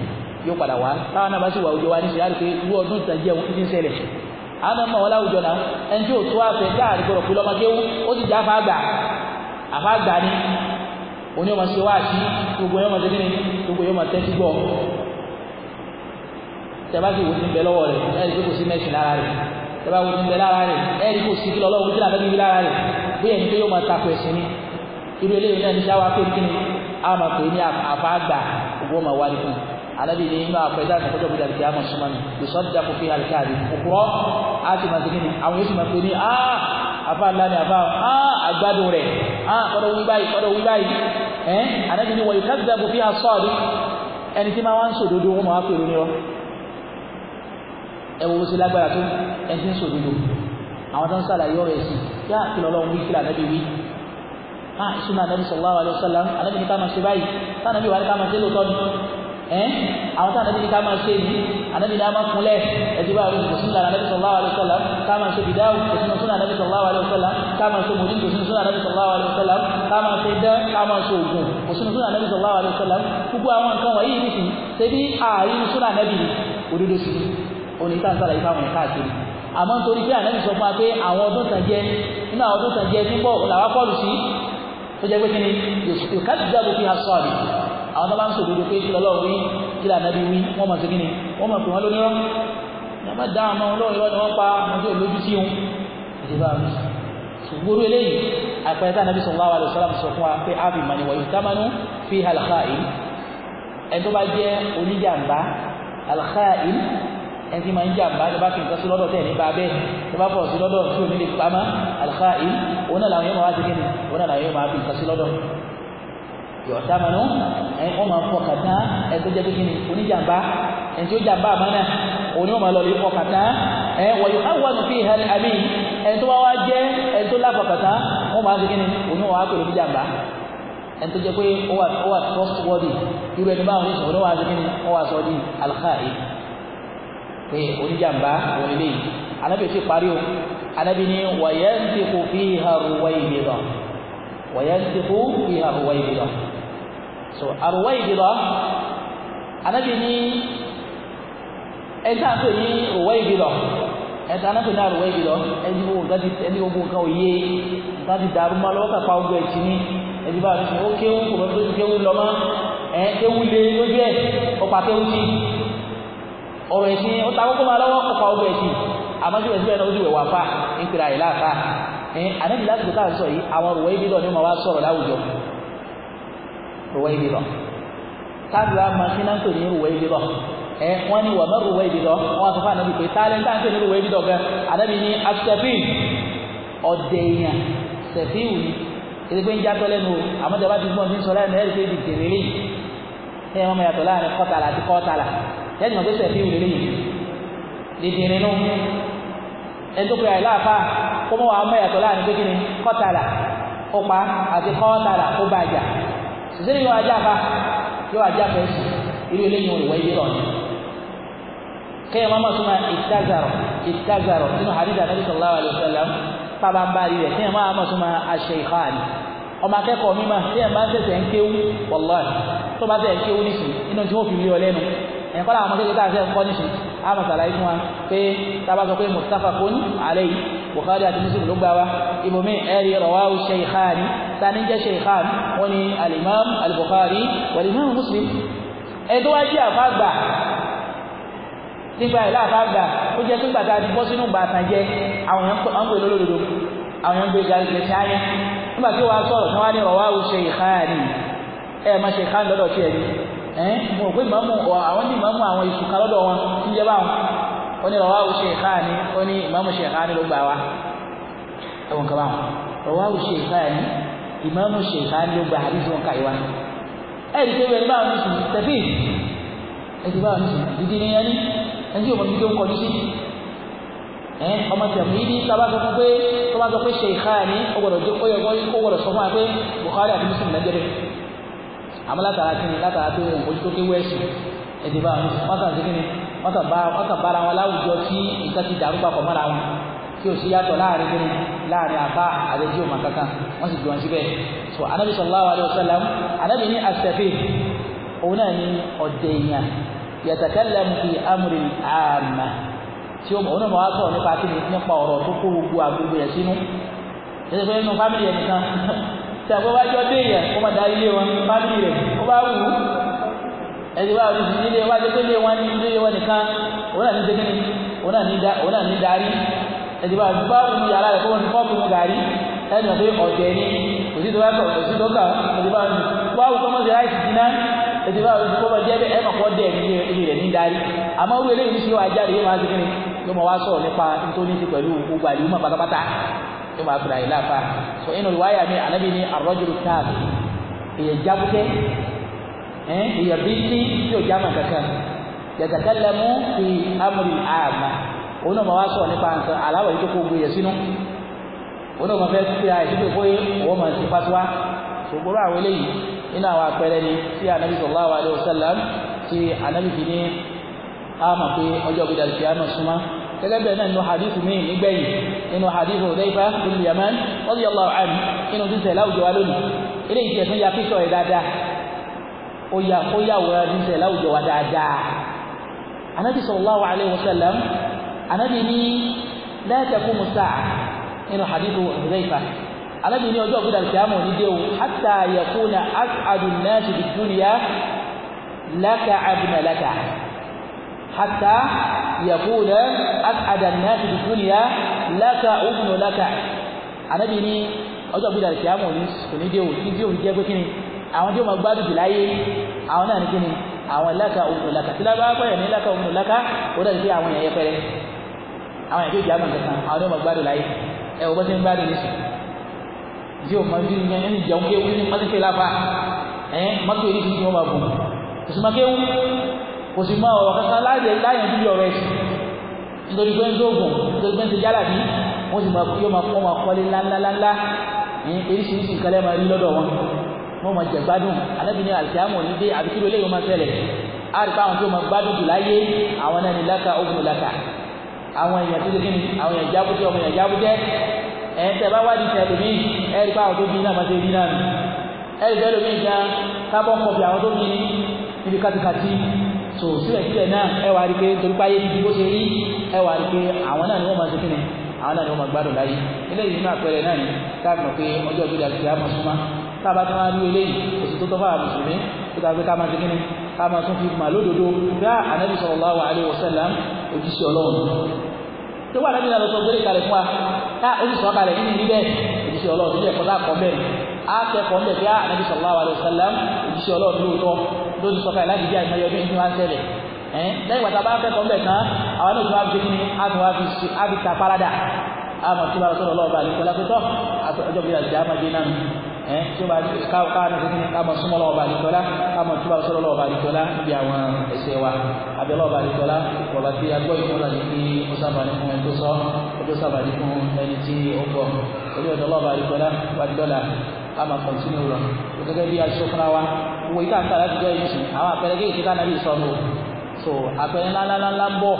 yóò padà wá táwọn náà bá sì wà òjò wa ní ṣe láti pé irú ọdún ìtàn jẹ́ òun ti ń ṣẹlẹ̀ àwọn ọmọ wọn láwùjọ náà ẹni tí ò tó àfẹ káàrí gbọdọ̀ pé lọ́mọdé ó ti jẹ́ àfáàgbà àfáàgbà ni òní ọmọ ṣe wá àti gbogbo yọmọ ṣe kíni gbogbo yọmọ tẹ́tí gbọ́ tẹ́bá sì wò ti ń bẹ lọ́wọ́ rẹ̀ ẹ̀rí pé kò sí mẹ́sìn lára rẹ̀ tẹ́bá wò ti ń bẹ lára rẹ̀ ẹ̀rí kò sí kí lọ́wọ́ tí làbẹ́ níbi lára rẹ̀ bóyá ẹni pé yóò máa takò ẹ̀sìn ni irú eléyìí náà ní sáwá pé kíni àwọn anabi ni ma pẹ dáàbò kọjọ bí dàbí àmọ́ súnmọ́ ni ìsọdá kò fi ما àbí òkúrọ á sì máa segin ni àwọn yóò sì máa pe ní a afa ńlá ni afa a àgbàdo rẹ a kọdọ wí báyìí kọdọ wí báyìí ẹ anabi ni wọ̀nyí kájí dàbò fi àsọọdí ẹni tí máa wá ń sòdodo wọn máa pèrò ní ọ ẹ wo sí lágbára tó ẹni tí ń sòdodo àwọn tó ń sàlàyé ọ̀rọ̀ ẹsìn yá kìlọ̀ Ọlọ́run wí kìlọ̀ anabi wí a ìsúná anabi sallallahu alaihi wasallam anabi ni ká máa ṣe báyìí tá anabi wà ní ká máa ṣe lóòótọ́ ẹ́ eh? àwọn táwọn anábì ká máa ṣe yìí anábì ní a máa kúnlẹ̀ ẹtì bá àwọn ìṣòsùn lára anábì sallallahu alaihi wasallam ká máa ṣe bìdáwò ìṣòsùn sún anábì sallallahu alaihi wasallam ká máa ṣe mòdì ìṣòsùn sún anábì sallallahu alaihi wasallam ká máa ṣe dán ká máa ṣe ògùn ìṣòsùn sún anábì sallallahu alaihi wasallam gbogbo àwọn nǹkan wọ̀nyí nìsín ṣe bí ààrin sún anábì òdodo sí òní tá à ń sára ìfà wọn káàkiri àmọ́ nítorí pé ànábì sọ fún wa pé àwọn ọdún tàn jẹ nínú àwọn ọdún tàn jẹ níbọ̀ làwọn kọlù sí tó àwọn tó bá ń sòdodo pé kí lọ́lọ́run wí kí lànàbí wí wọ́n mọ̀ sí kí ni wọ́n mọ̀ pé wọ́n lónírọ́ ìyàmá dá àmọ́ ọlọ́run irọ́ ni wọ́n pa àwọn tí ò lójú sí òun ìdíbà ṣùgbọ́n eléyìí àpẹẹrẹ tá nàbí sallallahu alaihi wasallam sọ fún wa pé ábì mà ní wọ̀nyí támánú fi alkha'i ẹni tó bá jẹ́ oníjàmbá ẹ wọ́n máa fọkàn tán ẹ tó jẹ́ pé kí ni oníjàmbá ẹ tí ó jàmbá àmánà òun ni wọ́n máa lọ lè fọkàn tán ẹ wọ̀nyí àwọn ọ̀nà fi hàn àmì ẹ tó wá wá ẹ tó láfọkàn tán wọ́n máa ṣe kí ni òun ni wọ́n wá ẹ tó jẹ́ pé ó wà ó wà trustworthy irú ẹni báwọn ní sọ̀rọ̀ wá ṣe kí ni wọ́n wá sọ di alkhari pé oníjàmbá òun lè anábì ti parí o anábì ni wàyẹ̀ ń ti kò fi hàrùwá ìgbéra wàyẹ̀ ń ti kò fi hàrùwá ìgbéra so Ruwaidida anábì ní ẹ̀ta pè ní Ruwaidida ẹ̀ta anábì ní Ruwaidida ẹni gbogbo nǹkan òye nǹkan ti dàrú mọ́ lọ́wọ́ kápá ogun ẹ̀tì ní ẹni bá fi ó kéwú kò mọ́ tó ti kéwú lọ mọ́ ẹ̀ kéwú lé lójú ẹ̀ ọ̀pá kéwú sí ọ̀rọ̀ ẹ̀sìn ó ta kókó máa lọ́wọ́ ọ̀pá ogun ẹ̀tì àmọ́ síbẹ̀síbẹ̀ náà ó ti wẹ̀ wà fà ń pèrè àyè láàfà ẹ̀ anábì láti kó káà sọ yìí àwọn Ruwaidida ni wọ́n wá sọ̀rọ̀ láwùjọ Ruwaybida táàbù wa máa fi náà ń pè ní Ruwaybida ẹ wọ́n ní wàmọ́ Ruwaybida wọ́n á sọ fún ànábì pé táàlẹ́ńtà ń pè ní Ruwaybida gan ànábì ní asẹ́fìn ọ̀dẹ̀ èèyàn sẹ̀fìn wù ní èdè pé ń já tọ́lẹ́nu o àmọ́ tí a bá ti gbọ́n fi ń sọ lẹ́nu ẹ̀rí pé dìtèrè lé ẹ̀yìn wọn yàtọ̀ láàrin kọ́tàlà àti kọ́tàlà yẹ́nì wọn pé sẹ̀fìn wù lé dìtèrè nù ẹ̀dókòrò àìláàfà kó mọ́ wàá mọ́ yàtọ̀ láàrin pé kí ni kọ́tàlà ìṣe ni yóò ajá fa yóò ajá fẹ́ sùn irú eléyìí wọn ìwà ibi rọ ni kéèyàn máa máa súnmọ́ ìtazàrọ ìtazàrọ nínú hadith anabi sallallahu alayhi wa sallam pàbá ń bá rẹ kéèyàn máa máa súnmọ́ aṣẹ ìkọ́ni ọmọ akẹ́kọ̀ọ́ mímọ́ kéèyàn bá ń tẹ̀sẹ̀ ń kéwú wallahi tó bá tẹ̀ ń kéwú nísìnyí inú tí wọ́n fi lé lẹ́nu ẹ̀yìn kọ́lá àwọn ọmọ kékeré tá a fẹ́ kọ́ nísìnyí á máa sàlàyé fún wa pé tá a bá sọ pé muttafaqun alayhi bukhari àti muslim ló gbà wá ibòmí ẹ̀rí rawahu shaykhani tani jẹ́ shaykhan wọ́n ní alimam al-bukhari wal imam muslim ẹni tó wá jẹ́ àfáàgbà nígbà ìlà àfáàgbà ó jẹ́ pípa tá a ti bọ́ sínú gbàtàn jẹ àwọn èèyàn ń pè lólòdodo àwọn èèyàn ń gbé gàlẹ́ sáyẹn nígbà tí wàá sọ̀rọ̀ tí wọ́n á ní rawahu shaykhani ẹ̀ máa shaykhan lọ́dọ̀ tiẹ̀ ni ẹ̀ mo pé màmú àwọn ní àwọn ìṣùkà lọ́dọ̀ wọn ń jẹ́ báwọn ó ní rọwá òṣè ìkáàní ó ní ìmáàmù ṣe ìkáàní ló gbà wá ẹwọn kan báwọn rọwá òṣè ìkáàní ìmáàmù ṣe ìkáàní ló gbà àdìsí wọn káyìí wá ẹ̀rí pé bẹ́ẹ̀ báwọn sùn tẹ̀fí ẹ̀rí báwọn sùn dídí ní ẹni ẹni tí òun ti ń kọjú sí ẹ ọmọ tẹ̀mú yìí ní sábà sọ fún pé tó bá sọ pé ṣe ìkáàní ó gbọdọ̀ sọ fún wa pé Bukhari àti Muslim lẹ́jẹ̀rẹ̀ àmọ́ látara kí látara pé òun kò tó kéwú wọ́n kàn bára wọn láwùjọ tí nǹkan ti dàrú papọ̀ mọ́ra wọn tí o sì yàtọ̀ láàrin kiri láàrin àbá àti tí o mà kankan wọ́n sì gbọ́n síbẹ̀ so anabi sallallahu alayhi wa sallam anabi ní asafi òun náà ní ọ̀dẹ̀ èèyàn yatakallamu fi amrin amma tí òun náà wàá sọ̀rọ̀ nípa kí nípa ọ̀rọ̀ tó kó gbogbo àgbègbè rẹ̀ sínú yẹ́sẹ̀ fẹ́ nínú fámìlì ẹ̀ nìkan tí àgbẹ̀ wájú ọdẹ ẹni bá rí ìdílé wá jẹ́ pé lé wọn ní ilé wọn nìkan òun náà ní dégínì òun náà ní darí ẹni bá bá wù yàrá rẹ̀ fún kọ́ọ̀pù mu gàrí ẹni wọ́n pé ọ̀jẹ̀ ni kò tó bá kọ̀ kò tó kà ẹni bá هي eh, بنتي sio jama kankan yatakallamu fi amri al-amma òun náà máa wá sọ̀rọ̀ nípa nǹkan aláwọ̀ yìí tó kó gbé yẹn sínú òun náà máa fẹ́ fi àyè síbi pé òun máa ni wa sallam ti anabi fi ní ama pé ọjọ́ gbé dàlùkì àmọ̀ súnmọ́ gẹ́gẹ́ bẹ́ẹ̀ náà ó yà kó yà wọ́n ní sẹ́ láwùjọ wa dáadáa anabi sallallahu alayhi wa sallam anabi ní la taqumu sa'a inú hadithu Hudhayfa anabi ní ọjọ́ òkúta kìámù ní déwu hatta yakuna as'adu an-nasi bid-dunya laka abna laka hatta yakuna as'adu an-nasi anabi ní ọjọ́ òkúta kìámù ní déwu ní déwu jẹ́ pé kíni àwọn tí ó máa gbádùn jù láyé àwọn náà ní kí ni àwọn ìlàkà òun ìlàkà tí lábá pẹ̀lú ní ìlàkà òun ìlàkà ó dàbí pé àwọn èèyàn yẹpẹrẹ àwọn èèyàn tó jẹ́ àmọ̀ kankan àwọn tí ó máa gbádùn láyé ẹ wò bó ti ń gbádùn ní sùn tí o máa ń dín ní ìjẹun kéwú ní mọ́tẹ́kẹ́ láfa ẹ̀ mọ́tò èyí ti wọ́n máa bù kò sì máa kéwú kò sì máa ọ̀rọ̀ kankan láàyè láyè níbi ọ̀rọ̀ ẹ̀sìn wọ́n sì máa kọ́ máa kọ́lé ńláńláńlá ní oríṣiríṣi nǹkan lẹ́ẹ̀ máa rí lọ́dọ̀ wọn wọn máa jẹ gbádùn anábì ní àlùkìyàmù ní dé àbí kíló eléyìí máa ṣẹlẹ̀ àríkà àwọn tó máa gbádùn jù láyé àwọn náà ní laka ogun laka àwọn èèyàn tó ti kí ni àwọn èèyàn jábútẹ́ ọmọ èèyàn jábútẹ́ ẹ̀ ń tẹ́ bá wá di tẹ̀lómi ẹ̀ríkà àwọn tó bí náà máa ṣe bí náà nù ẹ̀ríkà ẹlòmíì gan carbon copy àwọn tó bí níbi kátikàti so síbẹ̀síbẹ̀ náà ẹ wà rí pé torí pé ayé ti di bó ṣe rí ẹ wà rí pé àwọn náà ni wọ́n máa ṣe kí àwọn náà ni wọ́n máa gbádùn láyé eléyìí nínú àpẹẹrẹ náà ni táàbù pé ọjọ́ ìgbéga sábà tí wọ́n á ní eléyìí òsì tó tọ́fà mùsùlùmí tó tàbí ká máa ti kíni ká máa tún fi mà lódodo bá ànábì sallallahu alaihi wasallam òjíṣẹ́ ọlọ́run tó wà lábẹ́ ìlànà sọ̀rọ̀ gbélé kalẹ̀ fún wa ká òjíṣẹ́ wọn kalẹ̀ nínú ibẹ̀ òjíṣẹ́ ọlọ́run nílẹ̀ kọ́ láàkọ́ bẹ́ẹ̀ á kẹ́kọ̀ọ́ ń bẹ̀ bí ànábì sallallahu alaihi wasallam òjíṣẹ́ ọlọ́run lóòótọ́ lóòótọ́ sọ́kà láti bí àìmọye ọdún ìdí wa ń ṣẹlẹ̀ lẹ́yìn wàtà bá kẹ́kọ̀ọ́ bẹ̀ tán àwọn náà tún wá fi ní àtúnwá fi ṣe sọ̀rọ̀ lọ́wọ́ bá a lè kọ́ lápẹ́tọ́ àtọ́jọ́ bí ẹ eh, tí ó bá káwọn ní kíni káwọn súnmọ́ lọ́wọ́ bá àdìsọ́lá káwọn túbà sọ́rọ́ lọ́wọ́ bá àdìsọ́lá níbi àwọn ẹsẹ̀ wa abẹ́ lọ́wọ́ bá àdìsọ́lá wọ̀bá tí agbọ́ ìfúnra ní kí ó sábà ní fún ẹni tó sọ ó tó sábà ní fún ẹni tí ó gbọ́ orí ọ̀dọ́ lọ́wọ́ bá àdìsọ́lá wà dọ́là káwọn kọ̀ntínú lọ gẹ́gẹ́ bí aṣọ fúnra wa owó ìta ń tara ti jọ ìyìn sìn àwọn àpẹẹrẹ kéèké ká nàbí sọnù so àpẹẹrẹ ńláńlá ńlá ń bọ̀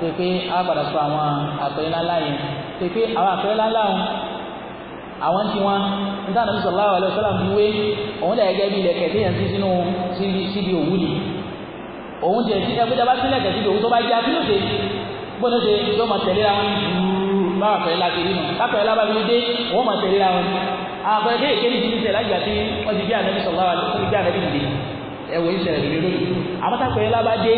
pé pé á gbàdá sọ àwọn àpẹẹrẹ ńláńlá yẹn pé pé àwọn àpẹẹrẹ ńláńlá àwọn tí wọn níta nàbí sallallahu alaihi wasallam fi wé òun dà gẹ́gẹ́ bí ilẹ̀kẹ̀ tí yẹn ti sínú síbi òwú ni òun jẹ sí ẹgbẹ́ dábàá sí ilẹ̀kẹ̀ síbi òwú tó bá já kí ló dé gbọ́dọ̀ ṣe yóò máa tẹ̀lé àwọn báwa fẹ́ la kiri nù kápẹ́ lábàá fi dé wọ́n máa tẹ̀lé àwọn àpẹẹrẹ kékeré ti ní sẹ́lá ìgbà tí wọ́n ti bí ànábì sallallahu alaihi wasallam bí ànábì nìyí ẹ̀wọ̀ ìṣẹ̀lẹ̀ lórí àbátàpẹ̀rẹ̀ lábàá dé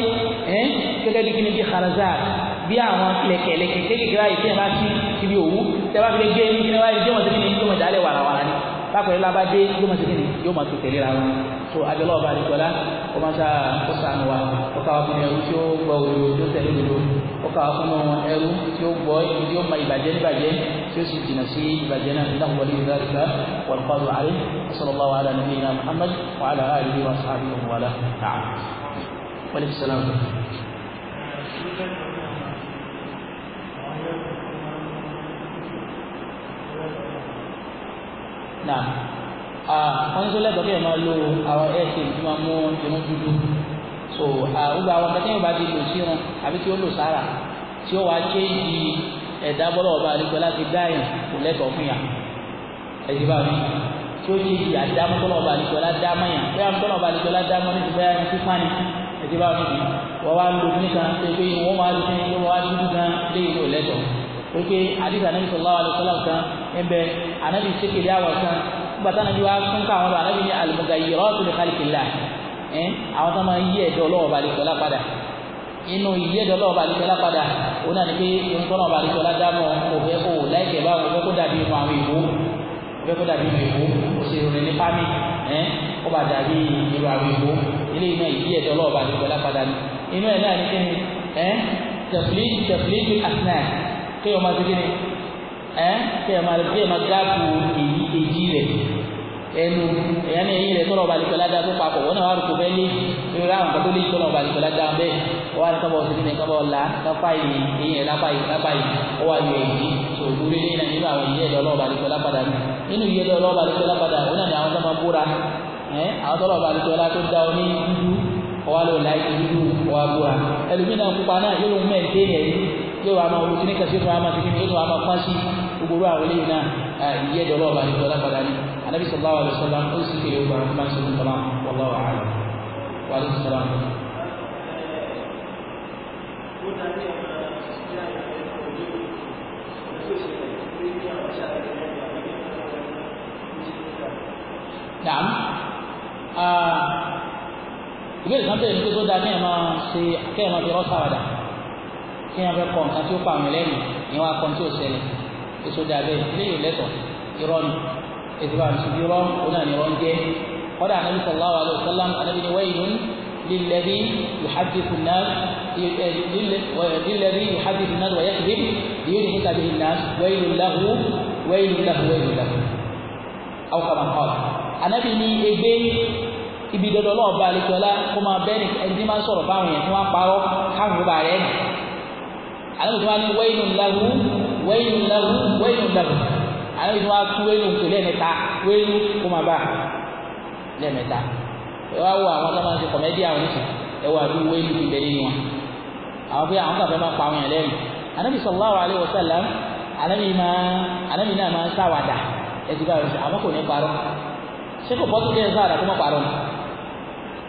ẹ́ gẹ́gẹ́ bí kíni bí kharazat bí àwọn lẹ̀kẹ̀lẹ̀kẹ̀ kékeré báyìí tí ẹ bá sí ibi òwú tẹ bá fi lè gé ní kíni báyìí yóò mọ̀ sí kíni yóò mọ̀ dálẹ̀ wàràwàrà ni bákùnrin lába dé yóò mọ̀ sí kíni yóò mọ̀ tó tẹ̀lé ra wọn so abẹ́lẹ́ ọba àdìgbọ́lá ó máa ṣá ó sànù wa ó ká wa fún ẹrú tí ó gbọ́ òdodo tó tẹ̀lé òdodo ó ká wa fún ẹrú tí ó gbọ́ tí ó mọ ìbàjẹ́ níbàjẹ́ tí ó sì jìnà sí ìbàjẹ́ náà nígbà wọlé ìdáríkà wàlúkọ́dù àlẹ́ sallallahu ala nabiyyina Muhammad wa ala alihi wa sahbihi wa ala ta'ala. wàlẹ́ nà wọ́n ní tó lẹ́tọ̀ọ́ kí ẹ máa lo àwọn airtel tí wọ́n mú irun dúdú so gbogbo àwọn akẹ́kẹ́ yóò bá di lò sí irun àbí tí ó lò sára tí ó wá chéjì ẹ̀dá bọ́lá ọba àdìgbò láti dáyìn kò lẹ́tọ̀ọ́ fún yà ẹ̀dí bá mi tí ó chéjì àdámọ́ bọ́lá ọba àdìgbò láti dámọ́ yà bẹ́ẹ̀ bọ́lá ọba àdìgbò láti dámọ́ ní ti bẹ́ẹ̀ ní fífa ni ẹ̀dí bá mi wọ́n wá lò nìkan ṣe pé wọ́n wá lò nìkan lé ìlú lẹ́tọ̀ọ́ pé àdìgbà náà níbẹ̀ anabi sekele àwọn kan nígbà tí anabi wa fún ká àwọn lọ anabi ní al-mughayyiratu li khalqillah ẹ àwọn tó máa ń yí ẹ̀dọ́ lọ́wọ́ balẹ̀ sọ́lá padà inú yí ẹ̀dọ́ lọ́wọ́ balẹ̀ sọ́lá padà ó náà ní pé ìrúntọ́ náà balẹ̀ sọ́lá dámọ̀ òfẹ́ kò láìpẹ́ bá òfẹ́ kó dàbí ìmọ̀ àwọn ìbò òfẹ́ kó dàbí ìmọ̀ ìbò òṣèlú rẹ̀ ní pámi ẹ ó bá dàbí ìrọ̀ àwọn ìbò ilé iná yí ẹ̀dọ́ lọ́wọ́ balẹ̀ sọ́lá padà ní inú ẹ̀ náà ní kí ni ẹ tẹ̀flé tẹ̀flé ẹ kí ẹ máa kí ẹ máa gáàpù èyí èjì rẹ ẹnu ẹ̀yà ní ẹ̀yìn rẹ tọ́lọ̀ ọba àlejò ládàá tó papọ̀ wọn náà wà lóko bẹ́ẹ̀ lé lórí àwọn kan tó lé tọ́lọ̀ ọba àlejò ládàá bẹ́ẹ̀ wọ́n wá ní kábọ̀ ọ̀sẹ̀ nínú kábọ̀ ọ̀la lápá yìí ẹ̀yìn rẹ lápá yìí lápá yìí wọ́n wá yọ èyí tó lórí lé náà nínú àwọn ìyẹ́ ẹ̀dọ́ ọlọ́ọ̀ba àlejò lápadà nínú ìyẹ́ ẹ̀dọ́ ọlọ́ọ̀ba àlejò lápadà wọn náà ní àwọn tó máa búra àwọn tọ́lọ̀ ọba àlejò ọlá tó dá ọ ní dúdú ọwá ló la ìdí dúdú ọwá búra ẹlòmínà pupa náà yóò lóun mẹ́ẹ̀ẹ́dẹ́yẹ yóò wá máa wọ́n ti ní kẹsíkọ́ àmà fífi yóò wá máa pọ́n sí i gbogbo àwọn eléyìí náà ìyẹ́ ìjọba ọba àdìgbò lápadà ní anábì sallallahu alaihi wasallam ó sì kéré ogun àwọn ọmọdé sọlá sọlá wallahu a'lam wà á lè sọlá. Naam ìbéèrè kan bẹ̀rẹ̀ nígbà tó da kí ẹ máa ṣe kí máa fi rọ́ sáwàdà kí fẹ́ kọ̀ nǹkan tí ó pa àmì lẹ́yìn ìyẹn wá kọ́ tí ó ṣẹlẹ̀ èso dà bẹ́ẹ̀ eléyìí lẹ́tọ̀ irọ́ ni ètò àmì ṣubú irọ́ òun náà ni irọ́ ń jẹ́ kọ́dà anabi sallallahu alayhi wa sallam anabi ni waylun lilladhi yuhaddithu an-nas lilladhi yuhaddithu an-nas wa yakdhib bihi an-nas lahu waylun lahu waylun lahu aw kama qala anabi ni ebe ibi dọdọ náà ba alekiola kó máa bẹ́ẹ̀ni ẹni tí máa ń sọ̀rọ̀ báwọn yẹn tí anabi tí wọ́n á lahu wẹ́yìn lẹ́hu wẹ́yìn lẹ́hu àwọn ìdí wa tú wẹ́yìn tó lẹ́ẹ̀mẹ́ta wẹ́yìn kó máa ẹ wá wo àwọn tó máa kọ̀mẹ́dì àwọn oníṣẹ́ ẹ wá bí wẹ́yìn ti bẹ̀rẹ̀ nínú wọn àwọn bí àwọn kàfẹ́ máa pa àwọn yẹn lẹ́yìn anabi sallallahu alayhi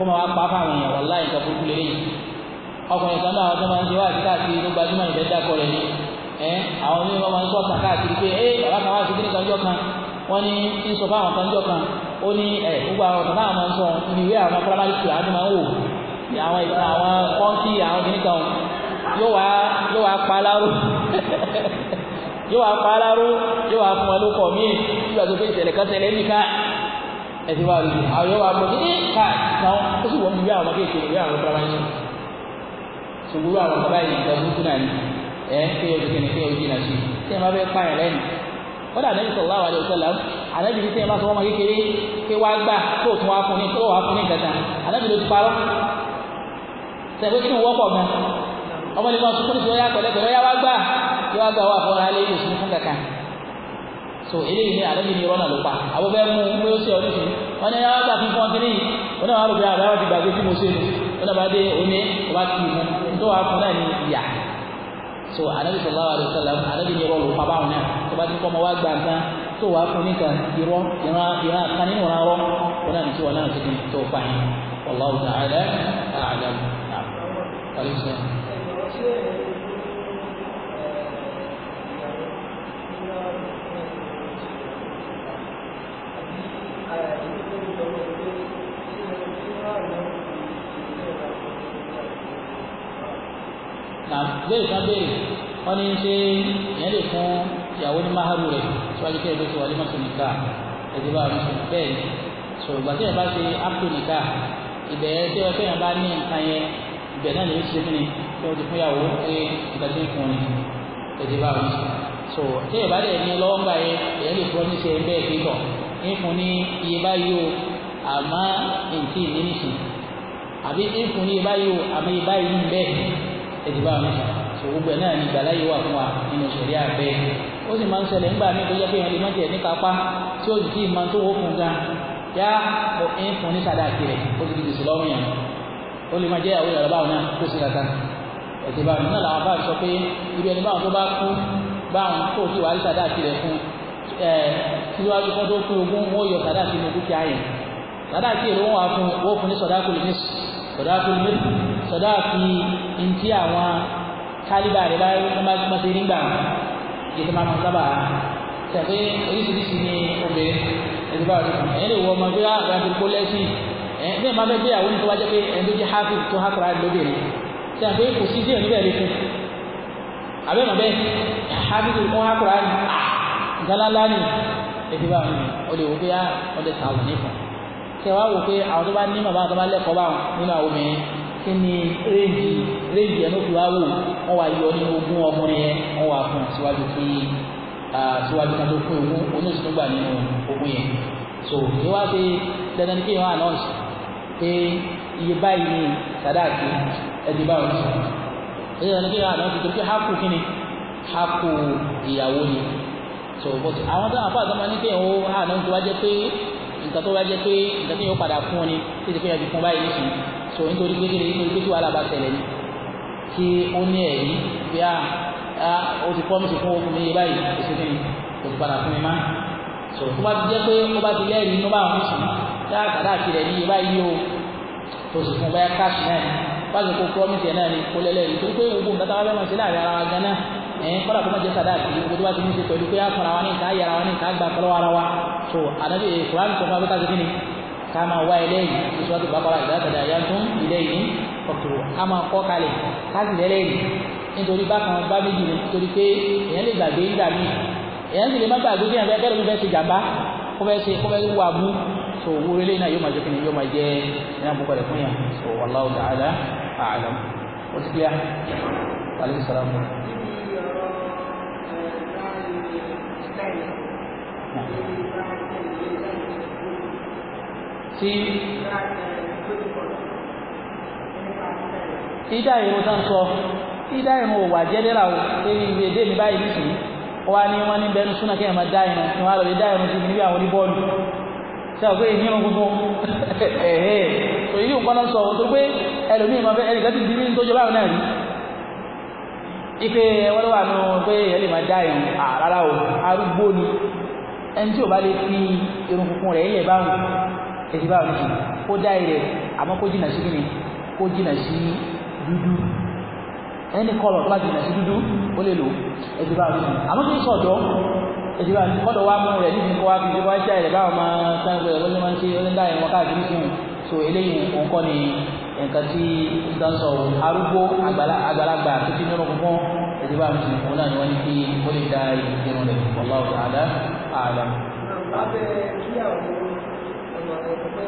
kó máa pa fáwọn èèyàn wà láì nǹkan burúkú lélẹ́yìn ọkùnrin kan náà àwọn tó máa ń ṣe wá àti káàkiri ló gbajúmọ̀ ìfẹ́ dákọ̀ rẹ̀ ni ẹ àwọn onímọ̀ máa ń sọ̀tà káàkiri pé ẹ bàbá kan wá sí kíní kan jọ kan wọ́n ní ń sọ fáwọn kan jọ kan ó ní ẹ gbogbo àwọn kan náà máa ń sọ ibi ìwé àwọn primary school àwọn tó máa ń wò àwọn ìtàn àwọn kọ́ńtì àwọn kíní kan yóò wá pa aláró yóò wá pa aláró yóò wá fún ọ lóko míì nígbà tó fi ìṣẹ̀lẹ̀ kan ṣẹlẹ̀ nìkan ẹtì wà lóye àwọn yóò wà mọ ní ká táwọn ó sì wọ́n mú bí àwọn ọmọ kéèké bí àwọn ọmọ yẹn ṣùgbọ́n àwọn bàbá yìí ìgbà burúkú náà ni ẹ kéèyàn ojú kìnnì kéèyàn ojú náà ṣe tí ẹ máa fẹ́ pààyàn lẹ́nu wọ́n dà nẹ́bí sọ̀rọ̀ àwọn àlejò ànábì ní tí ẹ bá sọ ọmọ kékeré ké wá gbà tó tún wá fún ní tó wá fún ní gàdá ànábì ló ti parọ́ sẹ́gbẹ́ kí ni wọ́pọ̀ gan ọmọ nípa sọ́kúrú sọ́yà pẹ̀lẹ́pẹ̀lẹ́ yá wá gbà yá wá gbà wà fọ́ra lé ìṣúná fún kàkà so eléyìí ní àlẹ́ ní rọ́nà ló pa àwọn bẹ́ẹ̀ mú mú sí ọdún sí wọn ní ẹ̀yà wọn tàbí fún ọdún yìí wọn náà wà lóbi àbá wọn ti gbàgbé tí mo ṣe nù wọn náà bá dé oní ọba kì í mú tó wà fún náà ní ìyà so anabi sallallahu alayhi wa sallam anabi ní rọ́ọ̀lù pa báwọn náà tó bá ti kọ́ ọmọ wa gbà nǹkan tó wà fún nìkan irọ́ ìran ìran kan ìran rọ́ wọn náà ní tí wọn náà ti di tó pa yín Thank you. wọ́n ní ṣe ìyẹn lè fún ìyàwó ní máhàrú rẹ̀ síwájú kí ẹ̀dọ́ ti wà lẹ́mọ̀tò nìka ẹ̀dí bá wọn sùn bẹ́ẹ̀ ni sọ ìgbà tí ẹ̀ bá ṣe ápò nìka ibẹ̀ tí ẹ̀ fẹ́ràn bá ní nǹkan yẹn ibẹ̀ náà lè ṣe fún ni tí wọ́n ti fún ìyàwó pé ìgbà tí ń fún ni ẹ̀dí bá wọn sùn so tí ẹ̀ bá dẹ̀ ní lọ́wọ́ ńgbà yẹn ìyẹn lè fún níṣẹ́ bẹ́ẹ̀ pé tọ̀ ń fún ní iye báyìí o àmọ́ nǹkan ìdí nìṣe àbí ń fún ní iye báyìí o àmọ́ iye báyìí ń bẹ́ẹ̀ ẹ̀dí bá wọn sùn so gbogbo ẹ̀ náà ní ìgbàláyé wà fún wa nínú ìṣẹ̀lẹ̀ abẹ́ ó sì máa ń ṣẹlẹ̀ nígbà míì tó jẹ́ pé èèyàn lè má tiẹ̀ ní kápá tí ó sì kí ìmọ̀ tó fún gan yá ń fún ní sàdá àti rẹ̀ ó ti di gbèsè lọ́rùn yẹn ó lè má jẹ́ ìyàwó yàrá báwọn náà kó sí kankan ẹ̀sìn báwọn náà làwọn bá sọ pé ibi ẹni báwọn tó bá kú báwọn kó tí wàá rí sàdá àti rẹ̀ fún ẹ̀ síwájú kan tó kú ogún wọ́n yọ sàdá àti dúkìá yẹn sàdá àti èrò wọn wà fún wọn fún ní sọdá kùlù sọdá kùlù sọdá fi ntí àwọn kálíbà rẹ̀ báyìí má ṣe nígbà yìí tó máa ma sábà tẹ̀pé oríṣiríṣi ni obìnrin ẹ̀sìn bá rẹ̀ ẹ̀yẹ́ lè wọ ọmọ ah, bí wá àgbà tó lẹ́sìn ẹ̀yẹ́ bí ẹ̀ máa fẹ́ gbé àwọn ìtọ́wá jẹ́ pé ẹ̀ tó jẹ́ hápì tó hápìrà lóbìnrin tẹ̀pé kò sí díẹ̀ níbẹ̀ rí fún àbẹ́ mọ̀ bẹ́ẹ̀ hápì tó hápìrà galala ah, ni ẹ̀sìn bá rẹ̀ ọ lè wò pé ah, ọdẹ tàwọn nífọ̀n tẹ̀wá wò pé àwọn tó bá ní màbá tó bá lẹ́kọ̀ọ́ bá nínú àwọn obìnrin kí ni réèjì réèjì ẹ̀ ló fi wá wò wọ́n wá yọ ní ogún ọkùnrin yẹn wọ́n wá fún un síwájú kí síwájú kan tó fún ogún oníṣòwò gbà nínú ogún yẹn so ní wá pé dandan ní kí wọ́n announce pé iye báyìí ni sadaki ẹ̀dí báwọn sọ èyí dandan ní kí wọ́n announce tó kí hákù kí ni hákù ìyàwó ni so but àwọn tó àwọn àfáà tó máa ní kéèyàn ó announce wá jẹ́ pé nǹkan tó bá jẹ́ pé nǹkan tí yóò padà fún ọ ni títí pé ẹbí fún báyìí nìyí so nítorí pé kíni nítorí pé kí wàhálà bá tẹ̀lẹ̀ ni kí ó ní ẹ̀rí bí a ah, ah, ó ti promise fún okùn mi báyìí kò sí kíni kò sì padà fún mi má so tó bá jẹ́ pé ó bá ti lẹ́rìí inú bá wọn sùn dáa ah, kàdá àti rẹ̀ ní ibà yìí o tó sì fún báyà káàsì náà ni bá ti kó promise yẹn náà ni kó lẹ́lẹ́rìí torí pé gbogbo nǹkan tá ẹ̀ kọ́dà kó má jẹ́ sàdáàkì gbogbo tó bá ti ní ṣe pẹ̀lú pé á fara wa ní ìta yàrá wa ní ìta gbà pẹ̀lú ara wa so ànábì kùránì sọ fún abẹ́ká sí kíni ká máa wá eléyìí tó sọ́ọ́ ti bá bá ìdá tẹ̀lé àyà tún ilé yìí ọ̀tọ̀ á máa kọ́ kalẹ̀ ká sì lẹ́lẹ́rì nítorí bákan bá méjì ni nítorí pé èèyàn lè gbàgbé ìgbà míì èèyàn sì lè má gbàgbé bí àgbẹ̀ kẹ́lẹ́ mi fẹ́ ṣe jàmbá kó fẹ́ ṣe kó fẹ́ wà mú so wúrẹ́ lẹ́yìn náà yóò máa jẹ́ kíni yóò máa jẹ́ ìyá bùkọ̀ rẹ̀ fún yàn so wallahu ta'ala a'lam ó ti kíá. Aleyhi salaam. tí ida ìrún tán sọ ida ìrún ò wà jẹ́dẹ́rà o èyí ìwé èdè mi báyìí nìsí wọ́n ní wọ́n ní bẹnu súnà kí ẹ̀ máa dá ìrún ni wọ́n á lọ lè dá ìrún síbi níbi àwọn oníbọ́ọ̀lù ṣe àwọn pé èyí ń gbogbo ẹ̀ẹ́ tó yí nǹkan náà sọ tó pé ẹlòmíì máa fẹ́ ẹnìkan ti di ní tó jọ báwọn náà rí ipe wọ́n wà nù pé ẹ̀ lè máa dá ìrún àrárá o arúgbó ni ẹni tí ò bá lè fi irun funfun rẹ̀ yẹ̀ báwọn èsì báwo ni kó dá ire àmọ́ kó jìnnà sí kíni kó jìnnà sí dúdú ẹni kọlọ̀ tó bá jìnnà sí dúdú ó lè lò èsì báwo ni àmọ́ kí n sọ̀dọ̀ èsì báwo ni kọ́dọ̀ wá mú rẹ̀ níbi kó wá fi wá ṣá ẹ̀ báwọn máa sáńgbẹ̀ ó lè máa ń ṣe ó lè ń dá ìwọ̀n káàkiri fún un so eléyìí òun kọ́ ni nǹkan tí ń dán sọ arúgbó àgbàlagbà tó ti nínú fún èsì báwo ni òun náà ni wọ́n ní kí ó lè dá ìrìn rẹ̀ wọ́n lọ́wọ́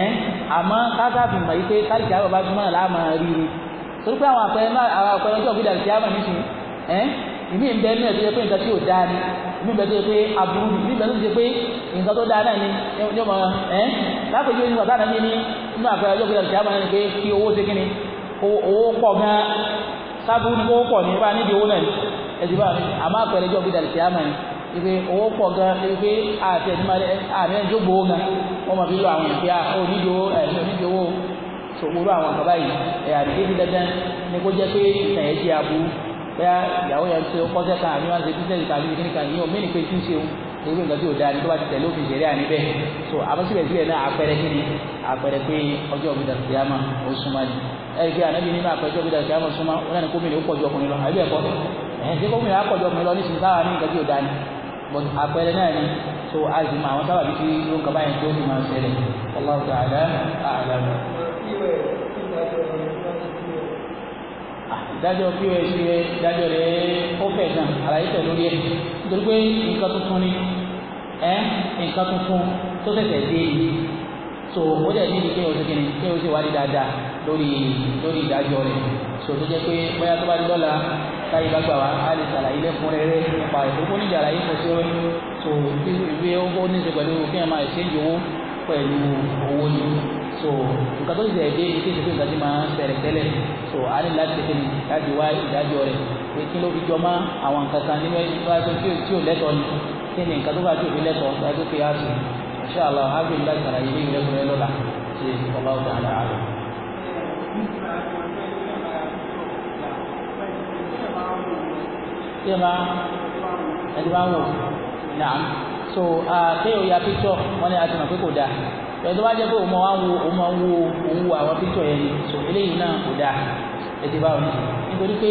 ẹ̀ àmọ́ kásáàfì mọ̀ yìí pé káríkì àwọn bá túmọ̀ láàmà rírí torí pé àwọn àpẹẹrẹ náà àwọn àpẹẹrẹ ọjọ́ ògbìdà ti àmà níṣìn ẹ̀ ìmí ń bẹ ní ẹ̀ pé nǹkan tí ò dáa ni ìmí ń bẹ tó yẹ pé aburú ni ìmí ń bẹ tó yẹ pé nǹkan tó dáa náà ni ní inú àpẹẹrẹ ọjọ́ ti àmà ni pé kí owó ìpè owó pọ̀ gan ìpè àti ẹ̀dínmọ́lẹ̀ àmì ẹ̀jọ́ gbowó gan wọ́n mọ̀ fi lọ àwọn ìpè ah, onídìówó ẹ̀mí onídìówó sòwúrò àwọn nǹkan báyìí ẹ̀yà débi dandan ni kó jẹ́ pé ìtàn yẹn jẹ́ aburú bẹ́ẹ̀ ìyàwó yẹn ṣe kọ́sẹ́ kan àbí wọ́n ṣe bísíǹsì kan àbí kíní kan yìí omi nìkan ti ń ṣe o èyí nǹkan tí ò dáa ní tó bá ti tẹ̀lé òfin ìṣẹ̀lẹ̀ àníbẹ̀ so àmọ́síbẹ̀síbẹ̀ náà àpẹẹrẹ kíni àpẹẹrẹ pé ọjọ́ òbídà kìyàmà ó súnmọ́ ni ẹ̀rí pé ànábì nínú àpẹẹrẹ òbídà kìyàmà ó súnmọ́ ó náà ní gómìnà ó pọ̀jù ọkùnrin lọ àbí ẹ̀kọ́ ẹ̀hìn tí gómìnà á pọ̀jù ọkùnrin lọ ní sinmi táwa ní nǹkan tí ò dáa ni but àpẹẹrẹ náà ni so a sì mọ àwọn sábàbí tí ló ń kaba yẹn tó sì máa ń ṣẹlẹ̀ Allahu ta'ala a'lam. Ah, ìdájọ́ pọ́s rẹ ìdájọ́ rẹ ó fẹ̀ gan àlàyé tẹ̀ lórí ẹ̀ nítorí pé nǹkan tuntun ni ẹ nǹkan tuntun tó tẹ̀tẹ̀ dé yìí so ó dẹ̀ níbi kí o ti kí ni kí o ti wá di dáadáa lórí lórí ìdájọ́ rẹ̀ so tó jẹ́ pé bóyá tó bá di lọ́la táyé bá gbà wá á lè ṣàlàyé lẹ́kùnrẹ́rẹ́ nípa rẹ̀ gbogbo níjà àlàyé kan tí ó tó ìwé ó ní ṣe pẹ̀lú kí ẹ máa ṣéǹjì owó pẹ̀lú owó ni so nǹkan tó ti tẹ̀ dé ìdí ìṣètò ìdájọ́ máa ń ṣẹlẹ̀ tẹ́lẹ̀ so a ní láti ṣe ní láti wá ìdájọ́ rẹ̀ pé kí ló fi jọ mọ́ àwọn nǹkan kan nínú ẹgbẹ́ tí ò lẹ́tọ̀ọ́ ni kí ni nǹkan tó bá tó fi lẹ́tọ̀ọ́ tó bá tó fi àṣù inshallah ábí láti ṣàlàyé ilé ìrẹ́kùnrin lọ́la ṣe ọlọ́ọ̀dà àlàáfíà. tí ẹ máa ẹni máa wò nàám so kéèyàn ya píktọ̀ wọn ni àti mọ̀ pé kò dáa ẹ̀dọ́ bá jẹ́ pé òun máa ń wo òun máa ń wo òun wo àwọn píktọ̀ yẹn ni so eléyìí náà kò dáa ẹ̀dí bá wọn nítorí pé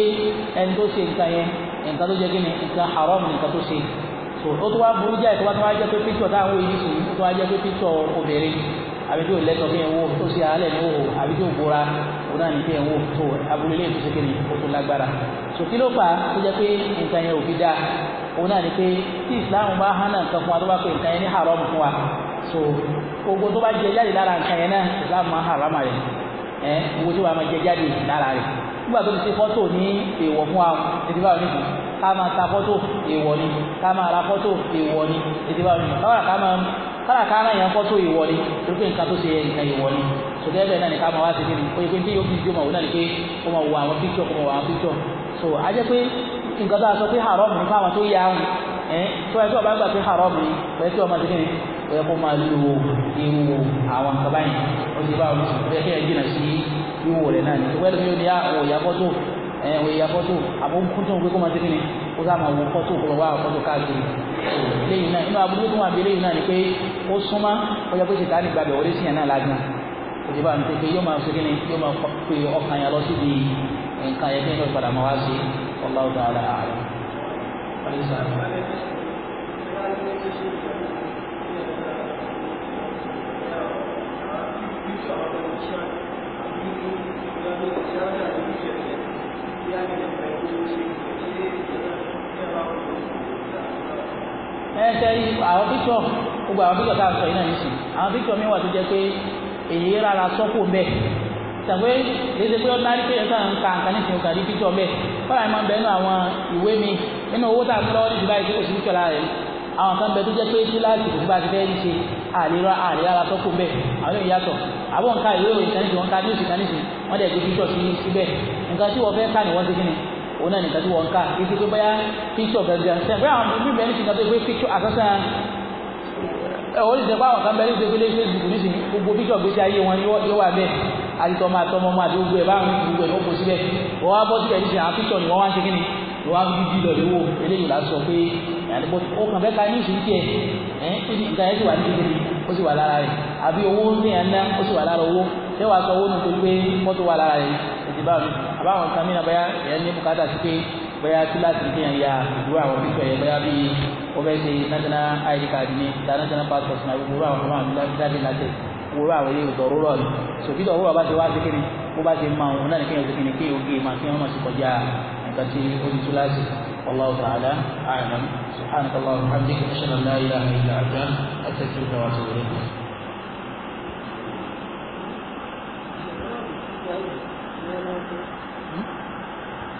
ẹni tó ṣe nǹkan yẹn nǹkan tó jẹ́ kí ni nǹkan haram nǹkan tó ṣe so ó tó wá burú jáì tó wá tó wá jẹ́ pé píktọ̀ táwọn èyí sì ó tó wá jẹ́ pé píktọ̀ obìnrin àbí tí ò lẹ́tọ̀ kí ẹ̀ wò tó ṣe àálẹ̀ ní òwò àbí tí ò bóra òun náà ní kí ẹ̀ wò tó abúlé lè tó kéde ó tó lágbára so kí ló fà tó jẹ́ pé nǹkan yẹn ò fi dáa òun náà ní pé tí Islam bá hánà nǹkan fún wa tó bá pè nǹkan yẹn ní haram fún wa so gbogbo tó bá jẹ jáde lára nǹkan yẹn náà Islam máa haram rẹ̀ ẹ gbogbo tó bá máa jẹ jáde lára rẹ̀ nígbà tó ti ṣe fọ́tò ní èèwọ̀ fún wa títí báwọn nìkan ká máa ta fọ́tò èèwọ̀ ni ká máa ra fọ́tò èèwọ̀ ni títí báwọn nìkan káwọn káràkárà yẹn kọ́ tó ìwọ ni torí pé nǹkan tó ṣe nǹkan ìwọ ni so gẹ́gẹ́ náà ni ká máa wá sí kí ni oye pé tí yóò fi jó máa wò náà ni pé kó máa wo àwọn píkṣọ kó máa wo àwọn píkṣọ so a jẹ́ pé nǹkan tó a sọ pé haram ni fáwọn tó yá ahùn ẹ tó ẹ tó ọba gbà pé haram ni pẹ̀lú tí ọmọ ti kí ni ó yẹ kó máa lo irú àwọn nǹkan báyìí ó ti bá wọn sọ ó yẹ kí ẹ jìnnà sí ìwò rẹ̀ náà ni ìwé ẹ̀dùn yóò ní àwọn òyàbọ̀ tó ẹ̀wọ̀n ìyá fọ́tò àbókútó pé kó máa tẹ́kẹ́ ni ó sá máa wo fọ́tò kó lọ wá fọ́tò káàkiri lẹ́yìn náà inú aburú tó wà bí lẹ́yìn náà ni pé ó súnmá ó yẹ pé ṣètà ní gbàgbẹ́ wọlé síyàn náà lágbà òjò bá ń tẹ́kẹ́ yóò máa tẹ́kẹ́ ni yóò máa pe ọkàn yà lọ sí di nǹkan yẹn tẹ́kẹ́ padà máa wá sí Allahu ta'ala a'lam. Thank you ẹ̀ẹ́sẹ̀ yìí àwọn píṣọ̀ gbogbo àwọn píṣọ̀ tá a sọ yìí náà nìsín àwọn píṣọ̀ mi wà tó jẹ́ pé èyí rárá sọ́kò bẹ́ẹ̀ sàgbé léṣe pé ọ̀nà àdìpé ẹ̀ka ń ka nǹkan nìsín òkàdí píṣọ̀ bẹ́ẹ̀ fọlá ìmọ̀ bẹ́ẹ̀ nù àwọn ìwé mi nínú owó tá a lọ́wọ́ ní ìdíbà ìdíkò sí píṣọ̀ lára rẹ̀ àwọn kan bẹ tó jẹ́ pé kíláàsì kò sí ti fẹ́ ní ṣe àlè rárá sọ́kò bẹ́ẹ̀ àwọn èèyàn yàtọ̀ àbọ̀ nǹka ìwé wọ́n dẹ̀ gbé píṣọ̀ sí síbẹ̀ nǹkan tí wọ́n fẹ́ ká ní wọ́n ti kí ni òun náà nìkan tí wọ́n ń ká kí sí pé píṣọ̀ gangan sẹ́n bóyá àwọn bí bẹ́ẹ̀ ní ṣìkan tó gbé píṣọ̀ àsásán ẹ̀wọ́n ti sẹ́pá àwọn kan bẹ́ẹ̀ ní ṣe gbélé Facebook ní sìn gbogbo píṣọ̀ gbèsè ayé wọn yóò wà bẹ́ẹ̀ àtìtọ́ máa tọ́ ọmọ ọmọ àti ẹ̀ bá àwọn ń ṣe ṣé wàá sọ owó nù torí pé mọ́tò wà lára rẹ̀ ètò bá mi àbáwọn kan mìíràn bóyá èèyàn ní bùkátà sí pé bóyá kíláàsì ní ẹ̀yà ìdúró àwọn fífọ ẹ̀yẹ bóyá bí ó fẹ́ ṣe national id card ní ìta national passport náà gbogbo àwọn ọmọ àwọn ìdájọ́ láti wúrọ àwọn ilé ìdọ̀rọ̀ rọ̀ ni sòbí dọ̀rọ̀ bá ti wá sí kiri bó bá ti máa òun náà ní kéèyàn kéèyàn kéèyàn gé máa تعالى أعلم سبحانك اللهم وبحمدك أشهد أن لا إله إلا أنت أستغفرك وأتوب إليك